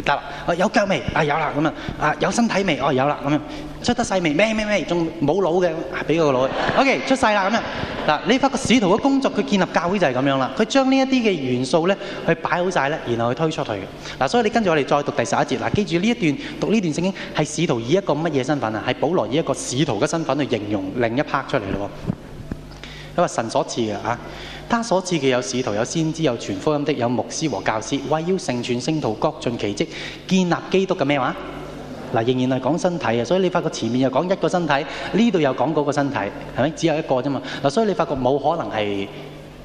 得啦，有腳未？啊有啦，咁啊有身體未？哦、啊、有啦，咁樣出得細未？咩咩咩？仲冇腦嘅，俾、啊、個腦，O K 出世啦，咁樣嗱，你發覺使徒嘅工作，佢建立教會就係咁樣啦，佢將呢一啲嘅元素咧，去擺好晒咧，然後去推出去嘅。嗱，所以你跟住我哋再讀第十一節。嗱，記住呢一段讀呢段聖經係使徒以一個乜嘢身份啊？係保羅以一個使徒嘅身份去形容另一 part 出嚟咯，因為神所賜嘅。他所召嘅有使徒，有先知，有傳福音的，有牧師和教師，為要成全聖徒，各盡其職，建立基督嘅咩話？嗱，仍然係講身體啊！所以你發覺前面又講一個身體，呢度又講嗰個身體，係咪只有一個啫嘛？嗱，所以你發覺冇可能係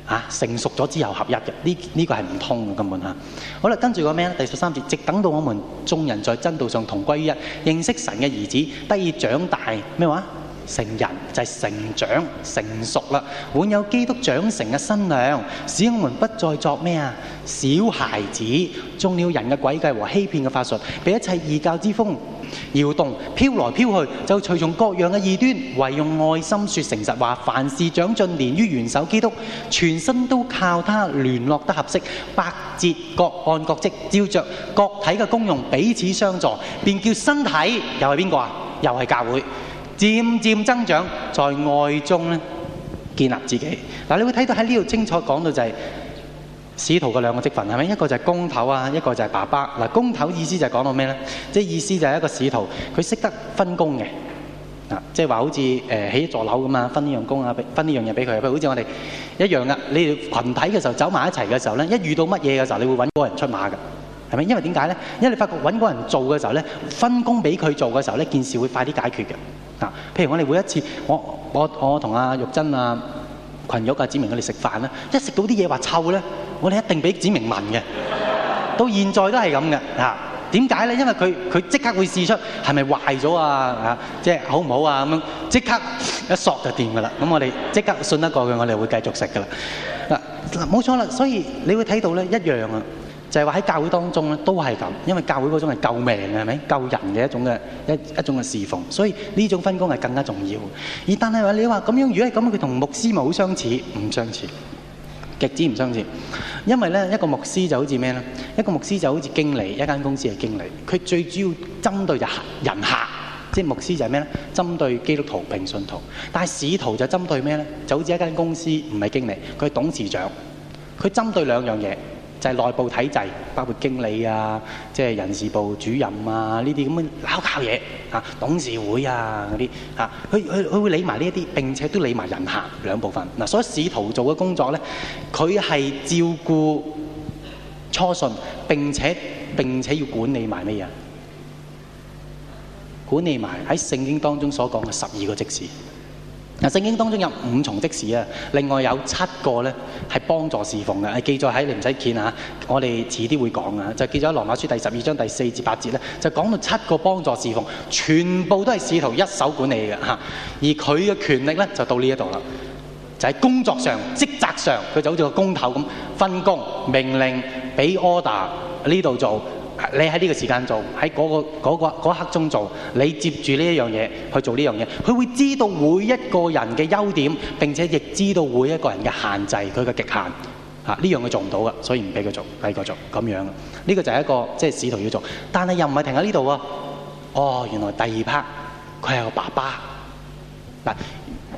啊成熟咗之後合一嘅，呢呢、呢個係唔通嘅根本吓。好啦，跟住個咩咧？第十三節，直等到我們眾人在真道上同歸於一，認識神嘅兒子，得以長大咩話？成人就係、是、成長成熟啦，滿有基督長成嘅新娘，使我們不再作咩啊？小孩子中了人嘅詭計和欺騙嘅法術，被一切異教之風搖動，飄來飄去，就隨從各樣嘅異端，唯用愛心說誠實話。凡事長進，連於元首基督，全身都靠他聯絡得合適，百節各按各職，照着各體嘅功用彼此相助，便叫身體又係邊個啊？又係教會。漸漸增長，在愛中咧建立自己。嗱，你會睇到喺呢度清楚講到就係使徒嘅兩個職份，係咪？一個就係公頭啊，一個就係爸爸。嗱，公頭意思就係講到咩咧？即係意思就係一個使徒，佢識得分工嘅。嗱，即係話好似誒起一座樓咁啊，分呢樣工啊，分呢樣嘢俾佢。譬如好似我哋一樣噶，你哋群體嘅時候走埋一齊嘅時候咧，一遇到乜嘢嘅時候，你會揾個人出馬㗎，係咪？因為點解咧？因為你發覺揾個人做嘅時候咧，分工俾佢做嘅時候呢，件事會快啲解決嘅。嗱，譬如我哋每一次，我我我同阿玉珍、啊、群玉、啊、子明佢哋食飯咧，一食到啲嘢話臭咧，我哋一定俾子明聞嘅。到現在都係咁嘅，嚇點解咧？因為佢佢即刻會試出係咪壞咗啊，啊？即係好唔好啊？咁樣即刻一索就掂噶啦。咁我哋即刻信得過佢，我哋會繼續食噶啦。嗱、啊、冇錯啦，所以你會睇到咧一樣啊。就係話喺教會當中咧，都係咁，因為教會嗰種係救命嘅，係咪？救人嘅一種嘅一一種嘅侍奉，所以呢種分工係更加重要。而但係話你話咁樣，如果係咁，佢同牧師咪好相似？唔相似，極之唔相似。因為咧，一個牧師就好似咩咧？一個牧師就好似經理，一間公司嘅經理，佢最主要針對就客人客，即係牧師就係咩咧？針對基督徒平信徒。但係使徒就針對咩咧？就好似一間公司，唔係經理，佢係董事長，佢針對兩樣嘢。係內部體制，包括經理啊，即係人事部主任啊，呢啲咁嘅鬧交嘢啊，董事會啊嗰啲啊，佢佢佢會理埋呢一啲，並且都理埋人客兩部分。嗱，所以使徒做嘅工作咧，佢係照顧初信，並且並且要管理埋咩嘢？管理埋喺聖經當中所講嘅十二個職事。《聖經》當中有五重的士，另外有七個呢係幫助侍奉嘅記記載喺，你唔使見，我哋遲啲會講啊，就記載《羅馬書》第十二章第四至八節就講到七個幫助侍奉，全部都係使徒一手管理嘅，而佢嘅權力呢，就到呢一度，就喺工作上、職責上，佢就好似個工頭咁分工、命令、畀 order 呢度做。你喺呢個時間做，喺嗰、嗰個嗰、嗰個嗰個嗰、刻中做，你接住呢一樣嘢去做呢樣嘢，佢會知道每一個人嘅優點，並且亦知道每一個人嘅限制，佢嘅極限。嚇、啊，呢樣佢做唔到㗎，所以唔俾佢做，第二做咁樣。呢、呢個就係一個即係使徒要做，但係又唔係停喺呢度啊！哦，原來第二 part 佢係個爸爸嗱，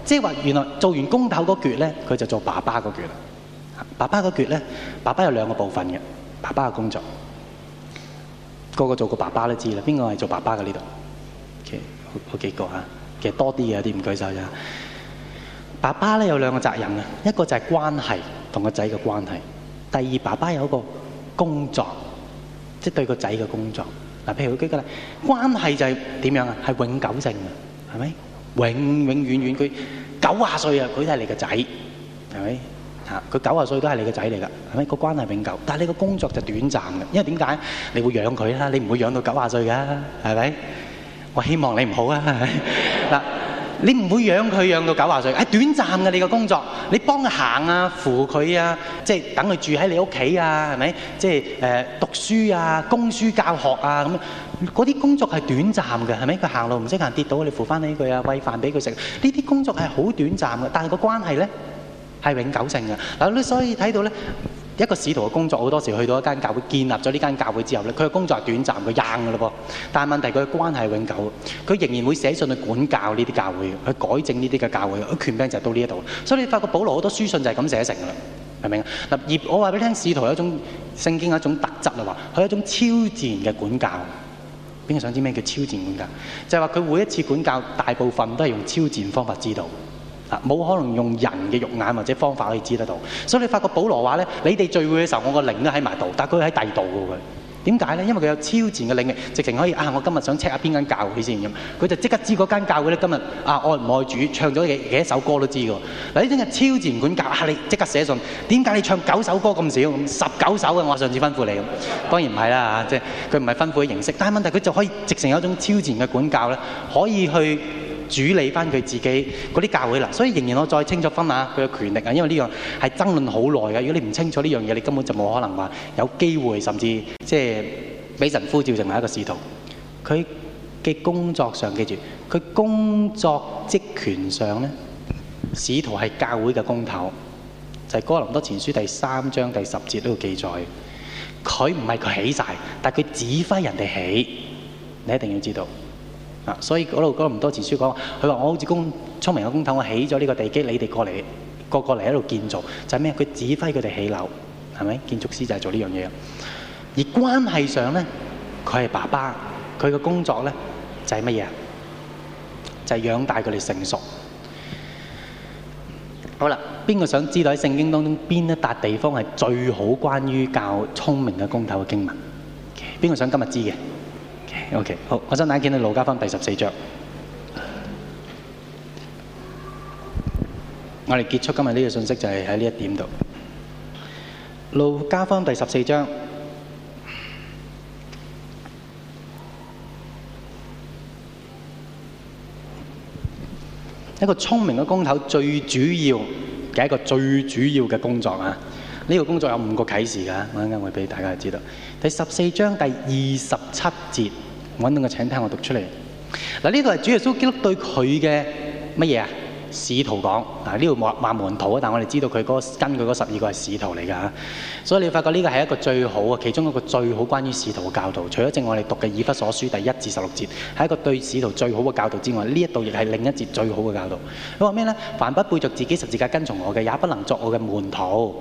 即係話原來做完公頭嗰橛咧，佢就做爸爸嗰橛，啊。爸爸嗰橛咧，爸爸有兩個部分嘅爸爸嘅工作。個個做個爸爸都知啦，邊個係做爸爸嘅呢度？其實好幾個啊，其實多啲嘅有啲唔舉手咋。爸爸咧有兩個責任啊，一個就係關係同個仔嘅關係，第二爸爸有一個工作，即、就係、對個仔嘅工作。嗱，譬如舉個例，關係就係點樣啊？係永久性啊，係咪？永永遠遠佢九啊歲啊，佢都係你個仔，係咪？佢九啊歲都係你個仔嚟㗎，係咪？個關係永久，但係你個工作就短暫嘅，因為點解？你會養佢啦，你唔會養到九啊歲嘅，係咪？我希望你唔好啊！嗱，你唔會養佢養到九啊歲，係短暫嘅你個工作。你幫佢行啊，扶佢啊，即係等佢住喺你屋企啊，係咪？即係誒讀書啊，供書教學啊咁，嗰啲工作係短暫嘅，係咪？佢行路唔識行跌倒，你扶翻起佢啊，餵飯俾佢食，呢啲工作係好短暫嘅，但係個關係咧，係永久性嘅。嗱，你所以睇到咧，一個使徒嘅工作好多時，去到一間教會，建立咗呢間教會之後咧，佢嘅工作係短暫，佢扔嘅嘞噃。但係問題佢嘅關係係永久，佢仍然會寫信去管教呢啲教會，去改正呢啲嘅教會。權柄就到呢一度，所以你發覺保羅好多書信就係咁寫成嘅啦，係咪？啊？嗱，而我話俾你聽，使徒有一種聖經有一種特質啦喎，佢係一種超自然嘅管教。邊個想知咩叫超自然管教？就係話佢每一次管教，大部分都係用超自然方法知道。冇可能用人嘅肉眼或者方法可以知得到，所以你發覺保羅話咧，你哋聚會嘅時候，我個靈都喺埋度，但係佢喺第度嘅佢。點解咧？因為佢有超前嘅靈力，直情可以啊！我今日想 check 下邊間教佢先咁，佢就即刻知嗰間教佢咧，今日啊我愛唔愛主，唱咗幾幾多首歌都知嘅喎。嗱，呢真係超前管教、啊、你即刻寫信，點解你唱九首歌咁少？十九首嘅我上次吩咐你咁。當然唔係啦，即係佢唔係吩咐嘅形式，但係問題佢就可以直情有一種超前嘅管教咧，可以去。主理翻佢自己嗰啲教會啦，所以仍然我再清楚分下佢嘅權力啊，因為呢樣係爭論好耐㗎。如果你唔清楚呢樣嘢，你根本就冇可能話有機會，甚至即係俾神呼召，成為一個使徒。佢嘅工作上記住，佢工作職權上呢，使徒係教會嘅工頭，就係、是、哥林多前書第三章第十節都要記載。佢唔係佢起晒，但係佢指揮人哋起，你一定要知道。啊！所以嗰度嗰度唔多字書講，佢話我好似個聰明嘅工頭，我起咗呢個地基，你哋過嚟個個嚟喺度建造，就係、是、咩？佢指揮佢哋起樓，係咪？建築師就係做呢樣嘢。而關係上咧，佢係爸爸，佢嘅工作咧就係乜嘢？就係、是就是、養大佢哋成熟。好啦，邊個想知道喺聖經當中邊一笪地方係最好關於教聰明嘅工頭嘅經文？邊個想今日知嘅？O.K. 好，我真眼見到路加福音第十四章，我哋結束今日呢個信息，就係喺呢一點度。路加福音第十四章，一個聰明嘅工頭最主要嘅一個最主要嘅工作啊！呢個工作有五個啟示㗎，我一陣會俾大家知道。第十四章第二十七節。揾到我請聽我讀出嚟。嗱，呢度係主耶穌基督對佢嘅乜嘢啊？使徒講。嗱，呢度話話門徒，但係我哋知道佢嗰跟佢嗰十二個係使徒嚟㗎。所以你會發覺呢個係一個最好啊，其中一個最好關於使徒嘅教導。除咗正我哋讀嘅《以弗所書》第一至十六節係一個對使徒最好嘅教導之外，呢一度亦係另一節最好嘅教導。佢話咩呢？凡不背着自己十字架跟從我嘅，也不能作我嘅門徒。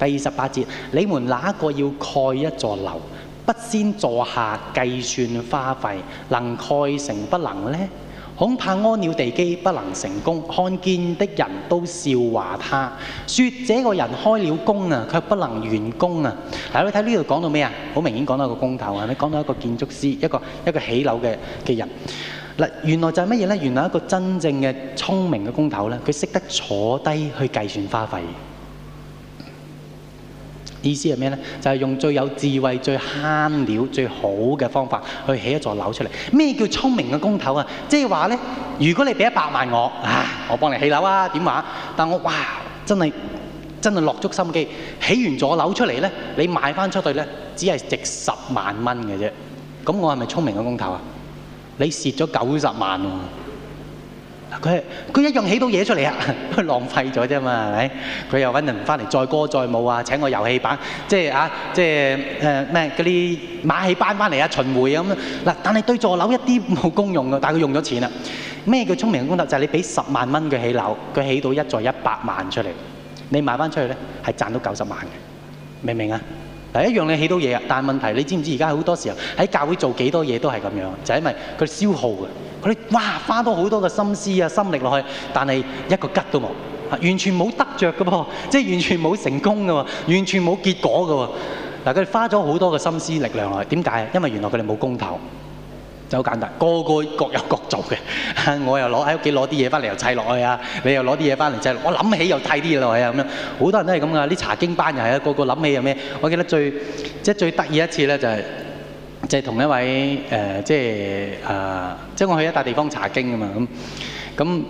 第二十八節，你們哪一個要蓋一座樓？不先坐下計算花費，能蓋成不能呢？恐怕安了地基不能成功。看見的人都笑話他，說這個人開了工啊，卻不能完工啊！嗱，你睇呢度講到咩啊？好明顯講到一個工頭，係咪？講到一個建築師，一個一個起樓嘅嘅人。嗱，原來就係乜嘢呢？原來一個真正嘅聰明嘅工頭呢，佢識得坐低去計算花費。意思係咩呢？就係、是、用最有智慧、最慳料、最好嘅方法去起一座樓出嚟。咩叫聰明嘅工頭啊？即係話呢，如果你畀一百萬我，啊，我幫你起樓啊，點話？但我哇，真係真係落足心機，起完座樓出嚟呢，你賣返出去呢，只係值十萬蚊嘅啫。咁我係咪聰明嘅工頭啊？你蝕咗九十萬。佢係佢一樣起到嘢出嚟啊！佢 浪費咗啫嘛，係咪？佢又揾人翻嚟載歌載舞啊！請個遊戲版，即係啊，即係誒咩嗰啲馬戲班翻嚟啊，巡迴咁嗱。但係對座樓一啲冇功用㗎，但係佢用咗錢啦。咩叫聰明嘅功德？就係、是、你俾十萬蚊佢起樓，佢起到一座一百萬出嚟，你賣翻出去咧，係賺到九十萬嘅，明唔明啊？第一樣你起到嘢啊，但係問題你知唔知而家好多時候喺教會做幾多嘢都係咁樣，就係、是、因為佢消耗㗎。佢哋，哇，花咗好多嘅心思啊，心力落去，但係一個吉都冇，完全冇得着嘅噃，即係完全冇成功嘅喎，完全冇結果嘅喎。嗱，佢哋花咗好多嘅心思力量落去，點解？因為原來佢哋冇公投，就好簡單，個個各有各做嘅。 我又攞喺屋企攞啲嘢翻嚟又砌落去啊，你又攞啲嘢翻嚟砌，我諗起又砌啲嘢落去啊，咁樣好多人都係咁噶。啲查經班又係啊，個個諗起又咩？我記得最即係最得意一次咧就係、是。就係同一位誒、呃，即係啊、呃，即我去一笪地方查經啊嘛，咁咁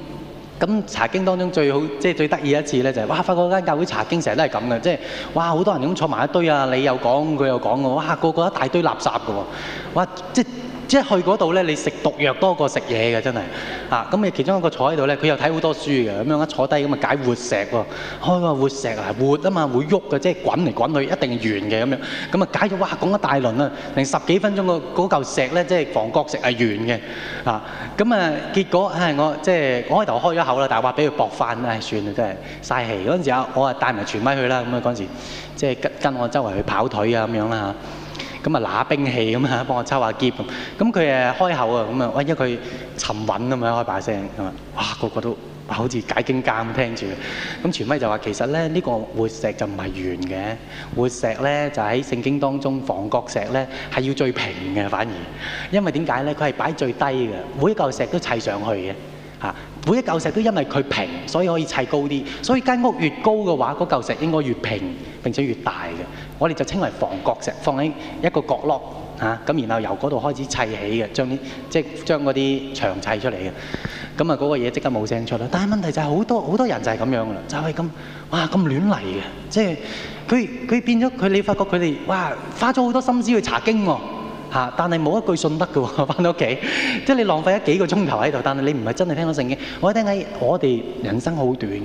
咁查經當中最好，即係最得意一次咧、就是，就係哇，發覺間教會查經成日都係咁嘅，即係哇，好多人咁坐埋一堆啊，你又講佢又講喎，哇，個個一大堆垃圾嘅喎，哇，即係。即係去嗰度咧，你食毒藥多過食嘢嘅，真係啊！咁你，其中一個坐喺度咧，佢又睇好多書嘅，咁樣一坐低咁啊解活石喎，開個活石啊，活啊嘛，會喐嘅，即係滾嚟滾去一定圓嘅咁樣，咁啊解咗哇講一大輪啊，成十幾分鐘個嗰嚿石咧，即係房角石係圓嘅啊！咁啊結果唉我即係我開頭開咗口啦，但係話俾佢駁返，唉算啦，真係嘥氣嗰陣時啊，我啊帶埋傳咪去啦，咁啊嗰陣時即係跟跟我周圍去跑腿啊咁樣啦嚇。咁啊拿兵器咁啊，幫我抽下劍咁。咁佢誒開口啊，咁啊，喂，因為佢沉穩啊嘛，開把聲咁啊，哇，個個都好似解經家咁聽住。咁全威就話其實咧，呢個活石就唔係圓嘅。活石咧就喺聖經當中，房角石咧係要最平嘅，反而，因為點解咧？佢係擺最低嘅，每一嚿石都砌上去嘅。嚇，每一嚿石都因為佢平，所以可以砌高啲。所以間屋越高嘅話，嗰嚿石應該越平並且越大嘅。我哋就稱為房角石，放喺一個角落嚇，咁、啊、然後由嗰度開始砌起嘅，將啲即係將嗰啲牆砌出嚟嘅。咁啊，嗰個嘢即刻冇聲出啦。但係問題就係好多好多人就係咁樣噶啦，就係、是、咁哇咁亂嚟嘅。即係佢佢變咗佢，你發覺佢哋哇花咗好多心思去查經喎、啊、但係冇一句信得嘅喎，翻到屋企即係你浪費咗幾個鐘頭喺度，但係你唔係真係聽到聖經。我一聽係我哋人生好短嘅，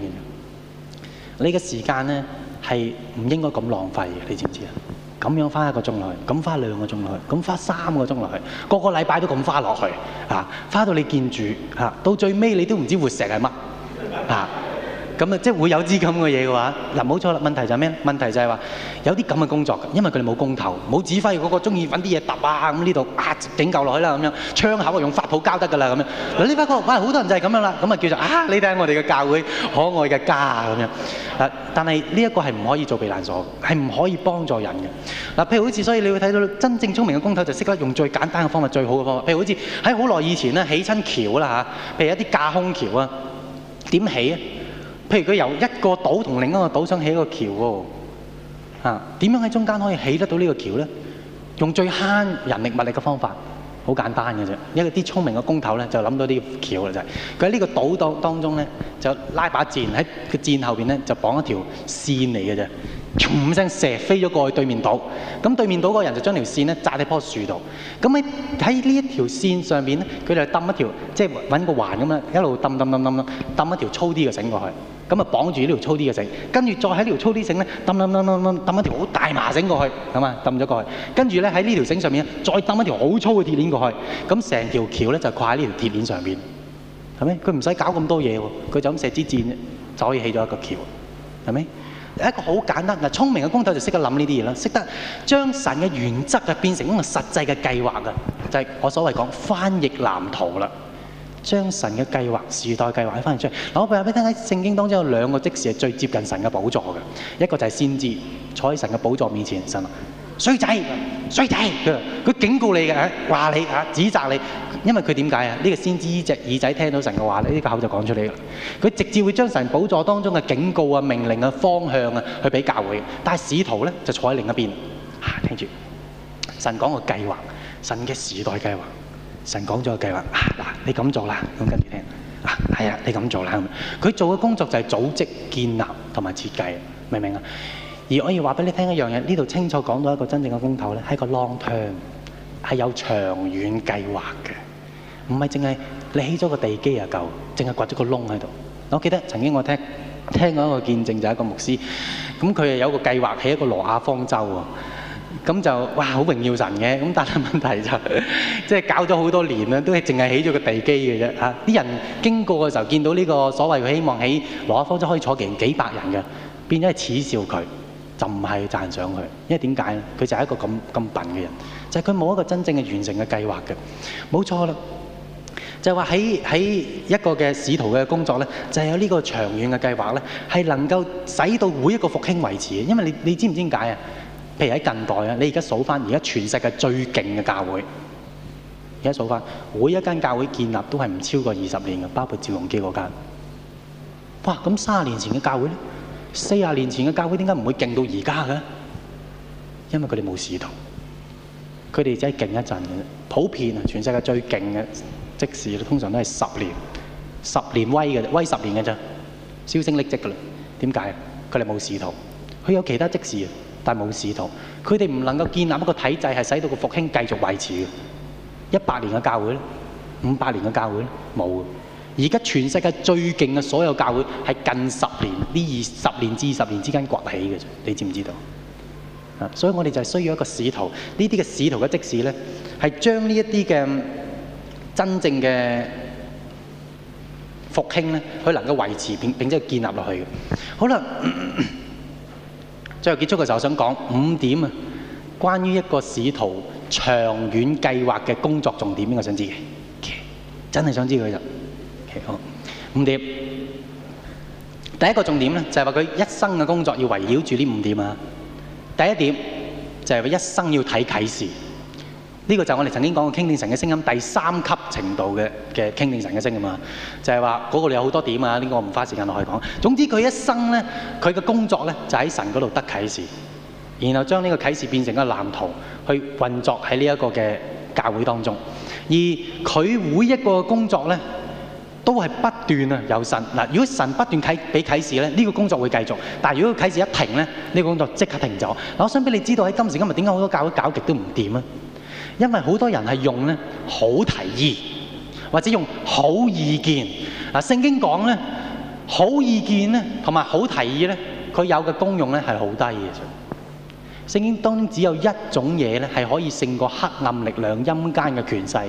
你嘅時間咧。係唔應該咁浪費嘅，你知唔知啊？咁樣花一個鐘落去，咁花兩個鐘落去，咁花三個鐘落去，個個禮拜都咁花落去啊！花到你見住嚇，到最尾你都唔知活石係乜啊！咁啊，即係會有啲咁嘅嘢嘅話，嗱冇錯啦。問題就係咩？問題就係話有啲咁嘅工作，因為佢哋冇工頭、冇指揮，嗰個中意揾啲嘢揼啊，咁呢度啊整嚿落去啦，咁樣窗口啊用發泡膠得㗎啦，咁樣嗱呢班個，哇！好多人就係咁樣啦，咁啊叫做啊你睇下我哋嘅教會可愛嘅家啊咁樣嗱。但係呢一個係唔可以做避難所，係唔可以幫助人嘅嗱、啊。譬如好似，所以你會睇到真正聰明嘅工頭就識得用最簡單嘅方法、最好嘅方法。譬如好似喺好耐以前咧，起、啊、親橋啦嚇、啊，譬如一啲架空橋啊，點起啊？譬如佢由一個島同另一個島想起一個橋喎，啊，點樣喺中間可以起得到呢個橋咧？用最慳人力物力嘅方法，好簡單嘅啫。因為一啲聰明嘅工頭咧就諗到啲橋啦，就係佢喺呢個島當當中咧就拉把箭喺個箭後邊咧就綁一條線嚟嘅啫，噉一聲射飛咗過去對面島，咁對面島嗰人就將條線咧紮喺棵樹度，咁喺喺呢一條線上邊咧佢就掟一條即係揾個環咁樣一路掟掟掟掟啦，掟一條粗啲嘅繩過去。咁啊，綁住呢條粗啲嘅繩，跟住再喺呢條粗啲繩咧，揼揼揼揼揼，揼一條好大麻繩過去，咁啊，揼咗過去。跟住咧，喺呢條繩上面再揼一條好粗嘅鐵鏈過去。咁成條橋咧就跨喺呢條鐵鏈上邊，係咪？佢唔使搞咁多嘢喎，佢就咁射支箭啫，就可以起咗一個橋，係咪？一個好簡單嗱，聰明嘅工頭就識得諗呢啲嘢啦，識得將神嘅原則嘅變成一個實際嘅計劃嘅，就係我所謂講翻譯藍圖啦。將神嘅計劃、時代計劃喺翻嚟出嚟。嗱，我話俾你聽喺聖經當中有兩個即時係最接近神嘅寶座嘅，一個就係先知坐喺神嘅寶座面前，神衰仔衰仔，佢警告你嘅，話你嚇，指責你，因為佢點解啊？呢、這個先知依隻耳仔聽到神嘅話咧，呢、這個口就講出嚟啦。佢直接會將神寶座當中嘅警告啊、命令啊、方向啊，去俾教會。但係使徒咧就坐喺另一邊，聽住神講個計劃，神嘅時代計劃。神講咗個計劃啊！嗱，你咁做啦，咁跟住聽啊，係啊，你咁做啦。佢、嗯啊哎、做嘅工作就係組織、建立同埋設計，明唔明啊？而我要話俾你聽一樣嘢，呢度清楚講到一個真正嘅工頭咧，係一個 long term，係有長遠計劃嘅，唔係淨係你起咗個地基就夠，淨係掘咗個窿喺度。我記得曾經我聽聽過一個見證，就係一個牧師，咁佢係有個計劃，係一個羅亞方舟啊。咁就哇好榮耀神嘅，咁但係問題就即係搞咗好多年啦，都係淨係起咗個地基嘅啫嚇。啲人經過嘅時候見到呢個所謂嘅希望起羅馬方舟可以坐幾幾百人嘅，變咗係恥笑佢，就唔係讚賞佢。因為點解咧？佢就係一個咁咁笨嘅人，就係佢冇一個真正嘅完成嘅計劃嘅。冇錯啦，就係話喺喺一個嘅使徒嘅工作咧，就係有呢個長遠嘅計劃咧，係能夠使到每一個復興維持。因為你你知唔知點解啊？譬如喺近代啊，你而家數翻而家全世界最勁嘅教會，而家數翻每一間教會建立都係唔超過二十年嘅，包括趙永基嗰間。哇！咁三十年前嘅教會咧，四十年前嘅教會點解唔會勁到而家嘅？因為佢哋冇使徒。佢哋只係勁一陣嘅。普遍啊，全世界最勁嘅職事通常都係十年十年威嘅啫，威十年嘅啫，銷聲匿跡嘅啦。點解佢哋冇使徒，佢有，有其他職事。啊。但冇使徒，佢哋唔能夠建立一個體制，係使到個復興繼續維持嘅。一百年嘅教會咧，五百年嘅教會咧，冇嘅。而家全世界最勁嘅所有教會係近十年呢二十年至二十年之間崛起嘅啫，你知唔知道？所以我哋就係需要一個使徒，呢啲嘅使徒嘅職事呢，咧，係將呢一啲嘅真正嘅復興咧，佢能夠維持並並且建立落去嘅。好啦。 最後結束嘅時候，我想講五點啊，關於一個使徒長遠計劃嘅工作重點，邊個想知嘅？真係想知佢就。好，五點。第一個重點咧，就係話佢一生嘅工作要圍繞住呢五點啊。第一點就係佢一生要睇啟示。呢個就係我哋曾經講過傾定神嘅聲音，第三級程度嘅嘅傾定神嘅聲音啊嘛，就係話嗰個你有好多點啊。呢個我唔花時間落去講。總之佢一生呢，佢嘅工作呢，就喺神嗰度得啟示，然後將呢個啟示變成一個藍圖去運作喺呢一個嘅教會當中。而佢每一個工作呢，都係不斷啊，有神嗱。如果神不斷啟俾啟示呢，呢個工作會繼續；但係如果啟示一停呢，呢個工作即刻停咗。我想俾你知道喺今時今日點解好多教會搞極都唔掂啊！因為好多人係用咧好提議，或者用好意見。嗱，聖經講咧好意見咧，同埋好提議咧，佢有嘅功用咧係好低嘅啫。聖經當中只有一種嘢咧係可以勝過黑暗力量、陰間嘅權勢，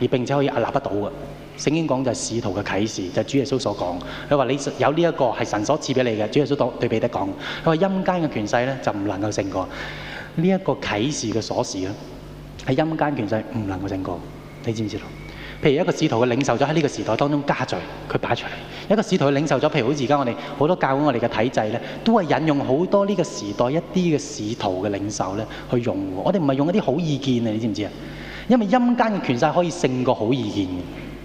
而並且可以壓立不到嘅。聖經講就係使徒嘅啟示，就係主耶穌所講。佢話你有呢一個係神所賜俾你嘅。主耶穌當對彼得講：佢話陰間嘅權勢咧就唔能夠勝過呢一個啟示嘅鎖匙啦。係陰間權勢唔能夠勝過，你知唔知道？譬如一個使徒嘅領受咗喺呢個時代當中加罪，佢擺出嚟一個使徒嘅領受咗，譬如好似而家我哋好多教會我哋嘅體制咧，都係引用好多呢個時代一啲嘅使徒嘅領受咧去用。我哋唔係用一啲好意見啊，你知唔知啊？因為陰間嘅權勢可以勝過好意見嘅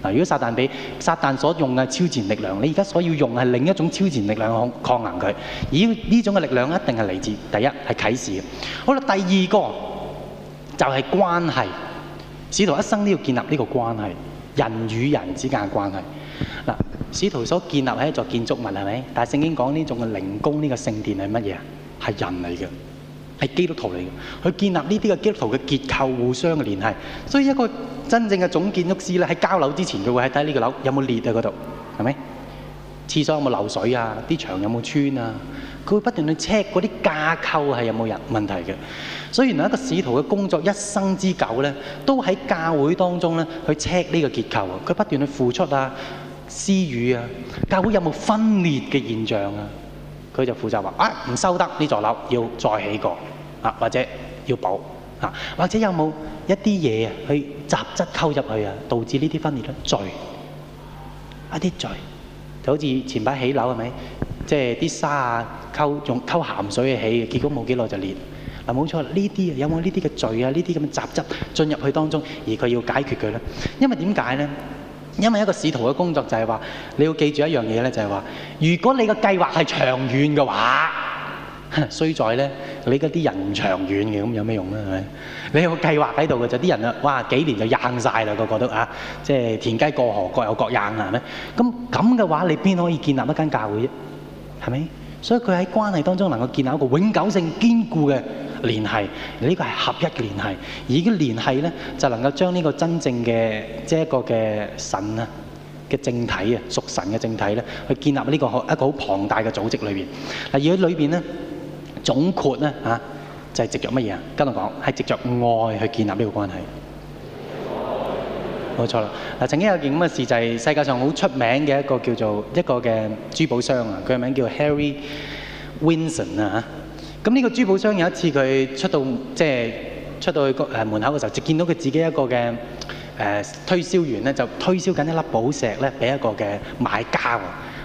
嗱。如果撒旦俾撒旦所用嘅超前力量，你而家所要用係另一種超前力量去抗衡佢。而呢種嘅力量一定係嚟自第一係啟示。好啦，第二個。就係關係，使徒一生都要建立呢個關係，人與人之間嘅關係。嗱，使徒所建立係一座建築物係咪？但係聖經講呢種嘅靈工，呢個聖殿係乜嘢啊？係人嚟嘅，係基督徒嚟嘅，佢建立呢啲嘅基督徒嘅結構互相嘅聯繫。所以一個真正嘅總建築師咧，喺交樓之前，佢會喺睇呢個樓有冇裂啊嗰度，係咪？廁所有冇漏水啊？啲牆有冇穿啊？佢會不斷去 check 嗰啲架構係有冇人問題嘅。所以原來一個使徒嘅工作一生之久咧，都喺教會當中咧去 check 呢個結構。佢不斷去付出啊、私語啊、教會有冇分裂嘅現象啊？佢就負責話啊，唔收得呢座樓，要再起過啊，或者要補啊，或者有冇一啲嘢去雜質溝入去啊，導致呢啲分裂咧罪一啲罪。就好似前排起樓係咪？即係啲沙啊溝用溝，溝，溝鹹水去起，結果冇幾耐就裂。嗱冇錯，呢啲有冇呢啲嘅罪啊？呢啲咁嘅雜質進入去當中，而佢要解決佢咧。因為點解咧？因為一個使徒嘅工作就係話，你要記住一樣嘢咧，就係話，如果你嘅計劃係長遠嘅話。衰在咧，你嗰啲人唔長遠嘅，咁有咩用咧？係咪？你有個計劃喺度嘅就啲人啊，哇！幾年就硬晒啦，個個都啊，即係田雞過河，各有各硬啊，係咪？咁咁嘅話，你邊可以建立一間教會啫？係咪？所以佢喺關係當中能夠建立一個永久性堅固嘅聯繫，呢個係合一嘅聯繫，而呢個聯繫咧，就能夠將呢個真正嘅即係一個嘅神啊嘅正體啊，屬神嘅正體咧，去建立呢個一個好龐大嘅組織裏邊。嗱，而喺裏邊咧。總括咧嚇，就係藉著乜嘢啊？跟住講，係藉著愛去建立呢個關係，冇錯啦。嗱，曾經有件咁嘅事就係世界上好出名嘅一個叫做一個嘅珠寶商啊，佢個名叫 Harry Winston 啊嚇。咁呢個珠寶商有一次佢出到即係出到去個誒門口嘅時候，就見到佢自己一個嘅誒推銷員咧，就推銷緊一粒寶石咧俾一個嘅買家喎。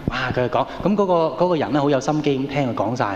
哇！佢哋講，咁嗰個嗰個人咧好有心機咁聽佢講曬。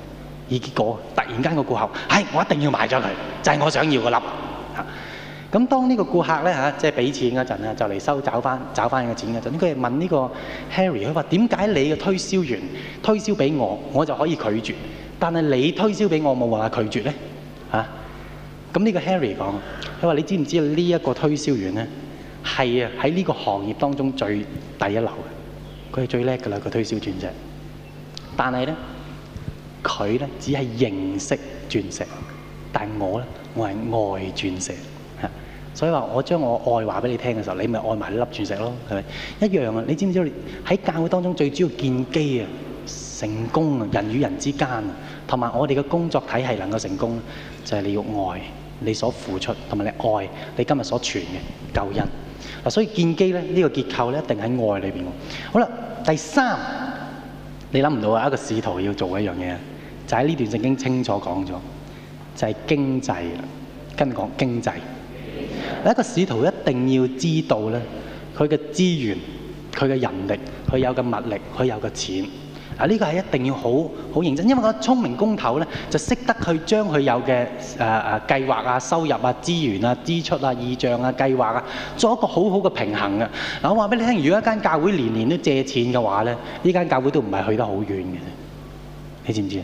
以結果，突然間個顧客係、哎、我一定要買咗佢，就係、是、我想要嘅粒嚇。咁當呢個顧客咧嚇，即係俾錢嗰陣咧，就嚟收找翻找翻嘅錢嗰陣，佢係問呢個 Harry，佢話點解你嘅推銷員推銷俾我，我就可以拒絕，但係你推銷俾我冇話拒絕咧嚇？咁呢個 Harry 講，佢話你知唔知呢一個推銷員咧係啊喺呢個行業當中最第一流嘅，佢係最叻嘅啦個推銷專職，但係咧。佢咧只係認識鑽石，但係我咧，我係愛鑽石嚇，所以話我將我愛話俾你聽嘅時候，你咪愛埋呢粒鑽石咯，係咪一樣啊？你知唔知道喺教會當中最主要建基啊、成功啊、人與人之間啊，同埋我哋嘅工作體系能夠成功咧，就係你要愛你所付出，同埋你愛你今日所傳嘅救恩。嗱，所以建基咧，呢個結構咧一定喺愛裏邊。好啦，第三你諗唔到啊，一個使徒要做嘅一樣嘢。但係呢段聖經清楚講咗，就係、是、經濟啦，跟住講經濟。一個使徒一定要知道咧，佢嘅資源、佢嘅人力、佢有嘅物力、佢有嘅錢。啊，呢個係一定要好好認真，因為個聰明工頭咧就識得去將佢有嘅誒誒計劃啊、收入啊、資源啊、支出啊、預賬啊、計劃啊，做一個很好好嘅平衡啊。我話俾你聽，如果一間教會年年都借錢嘅話咧，呢間教會都唔係去得好遠嘅。你知唔知啊？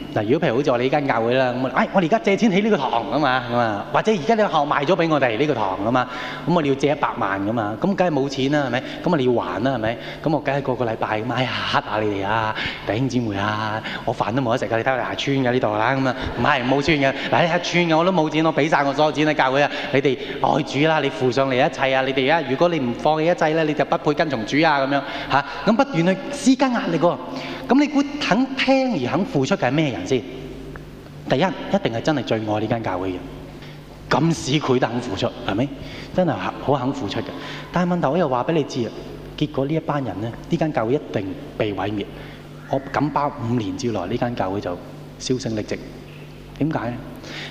嗱，如果譬如好似我哋呢間教會啦，咁啊，誒，我哋而家借錢起呢個堂啊嘛，咁啊，或者而家你學校賣咗畀我哋呢個堂啊嘛，咁我哋要借一百萬咁嘛，咁梗係冇錢啦，係咪？咁啊，你要還啦，係咪？咁我梗係個個禮拜咁啊，嚇、哎、下你哋啊，弟兄姊妹啊，我飯都冇得食㗎，你睇下穿㗎呢度啦，咁啊，唔係冇穿㗎，嗱，一穿嘅我都冇錢，我俾晒我所有錢嘅教會啊，你哋愛主啦、啊，你付上嚟一切啊，你哋而、啊、如果你唔放棄一切咧，你就不配跟從主啊，咁樣嚇，咁、啊、不斷去施加壓力喎、啊。咁你估肯聽而肯付出嘅係咩人先？第一一定係真係最愛呢間教會嘅人，咁使佢都肯付出，係咪？真係好肯付出嘅。但係問題我又話俾你知，結果呢一班人呢，呢間教會一定被毀滅。我敢包五年之內呢間教會就銷聲匿跡。點解呢？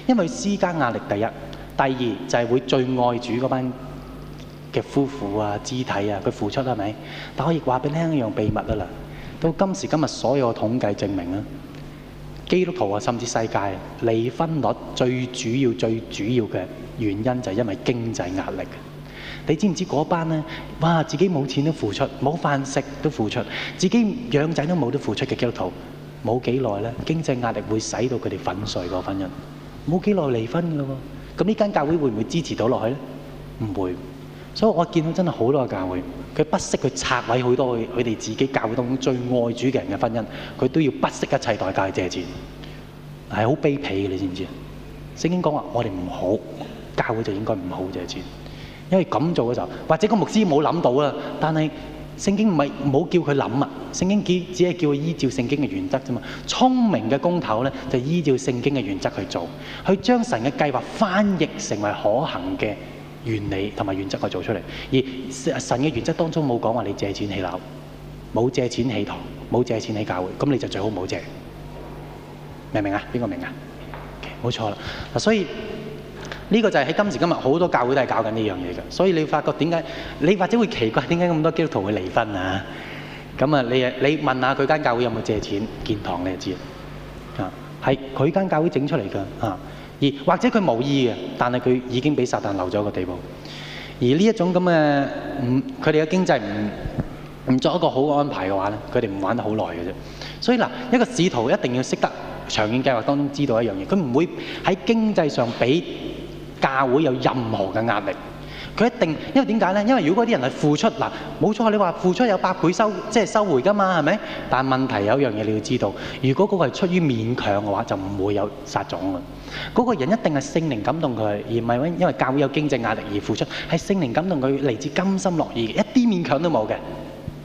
因為施加壓力第一，第二就係、是、會最愛主嗰班嘅夫婦啊、肢體啊，佢付出係咪？但可以亦話俾你聽一樣秘密啦。到今時今日，所有統計證明，基督徒啊，甚至世界離婚率最主要、最主要嘅原因就係因為經濟壓力。你知唔知嗰班呢？哇，自己冇錢都付出，冇飯食都付出，自己養仔都冇得付出嘅基督徒，冇幾耐咧，經濟壓力會使到佢哋粉碎個婚姻。冇幾耐離婚嘅喎，咁呢間教會會唔會支持到落去呢？唔會。所以我我見到真係好多個教會，佢不惜去拆毀好多佢哋自己教會當中最愛主嘅人嘅婚姻，佢都要不惜一切代價去借錢，係好卑鄙嘅，你知唔知啊？聖經講話我哋唔好教會就應該唔好借錢，因為這樣做嘅時候，或者個牧師冇諗到啊，但係聖經唔係冇叫佢諗啊，聖經只係叫佢依照聖經嘅原則啫嘛。聰明嘅工頭咧就依照聖經嘅原則去做，去將神嘅計劃翻譯成為可行嘅。原理同埋原則係做出嚟，而神嘅原則當中冇講話你借錢起樓，冇借錢起堂，冇借錢起教會，咁你就最好唔好借，明唔明啊？邊個明啊？冇錯啦，嗱，所以呢個就係喺今時今日好多教會都係搞緊呢樣嘢嘅，所以你會發覺點解你或者會奇怪點解咁多基督徒會離婚啊？咁啊，你啊，你問下佢間教會有冇借錢建堂，你就知啦，啊，係佢間教會整出嚟嘅啊。而或者佢無意嘅，但係佢已經俾撒旦留咗一個地步。而呢種種咁嘅唔，佢哋嘅經濟唔作一個好的安排嘅話咧，佢哋唔玩得好耐嘅。所以嗱，一個使徒一定要識得長遠計劃當中知道一樣嘢，佢唔會喺經濟上俾教會有任何嘅壓力。佢一定，因為點解咧？因為如果嗰啲人係付出嗱，冇錯啊！你話付出有百倍收，即係收回㗎嘛，係咪？但係問題有樣嘢你要知道，如果嗰個係出於勉強嘅話，就唔會有殺種㗎。嗰個人一定係聖靈感動佢，而唔係揾因為教會有經濟壓力而付出，係聖靈感動佢嚟自甘心樂意嘅，一啲勉強都冇嘅。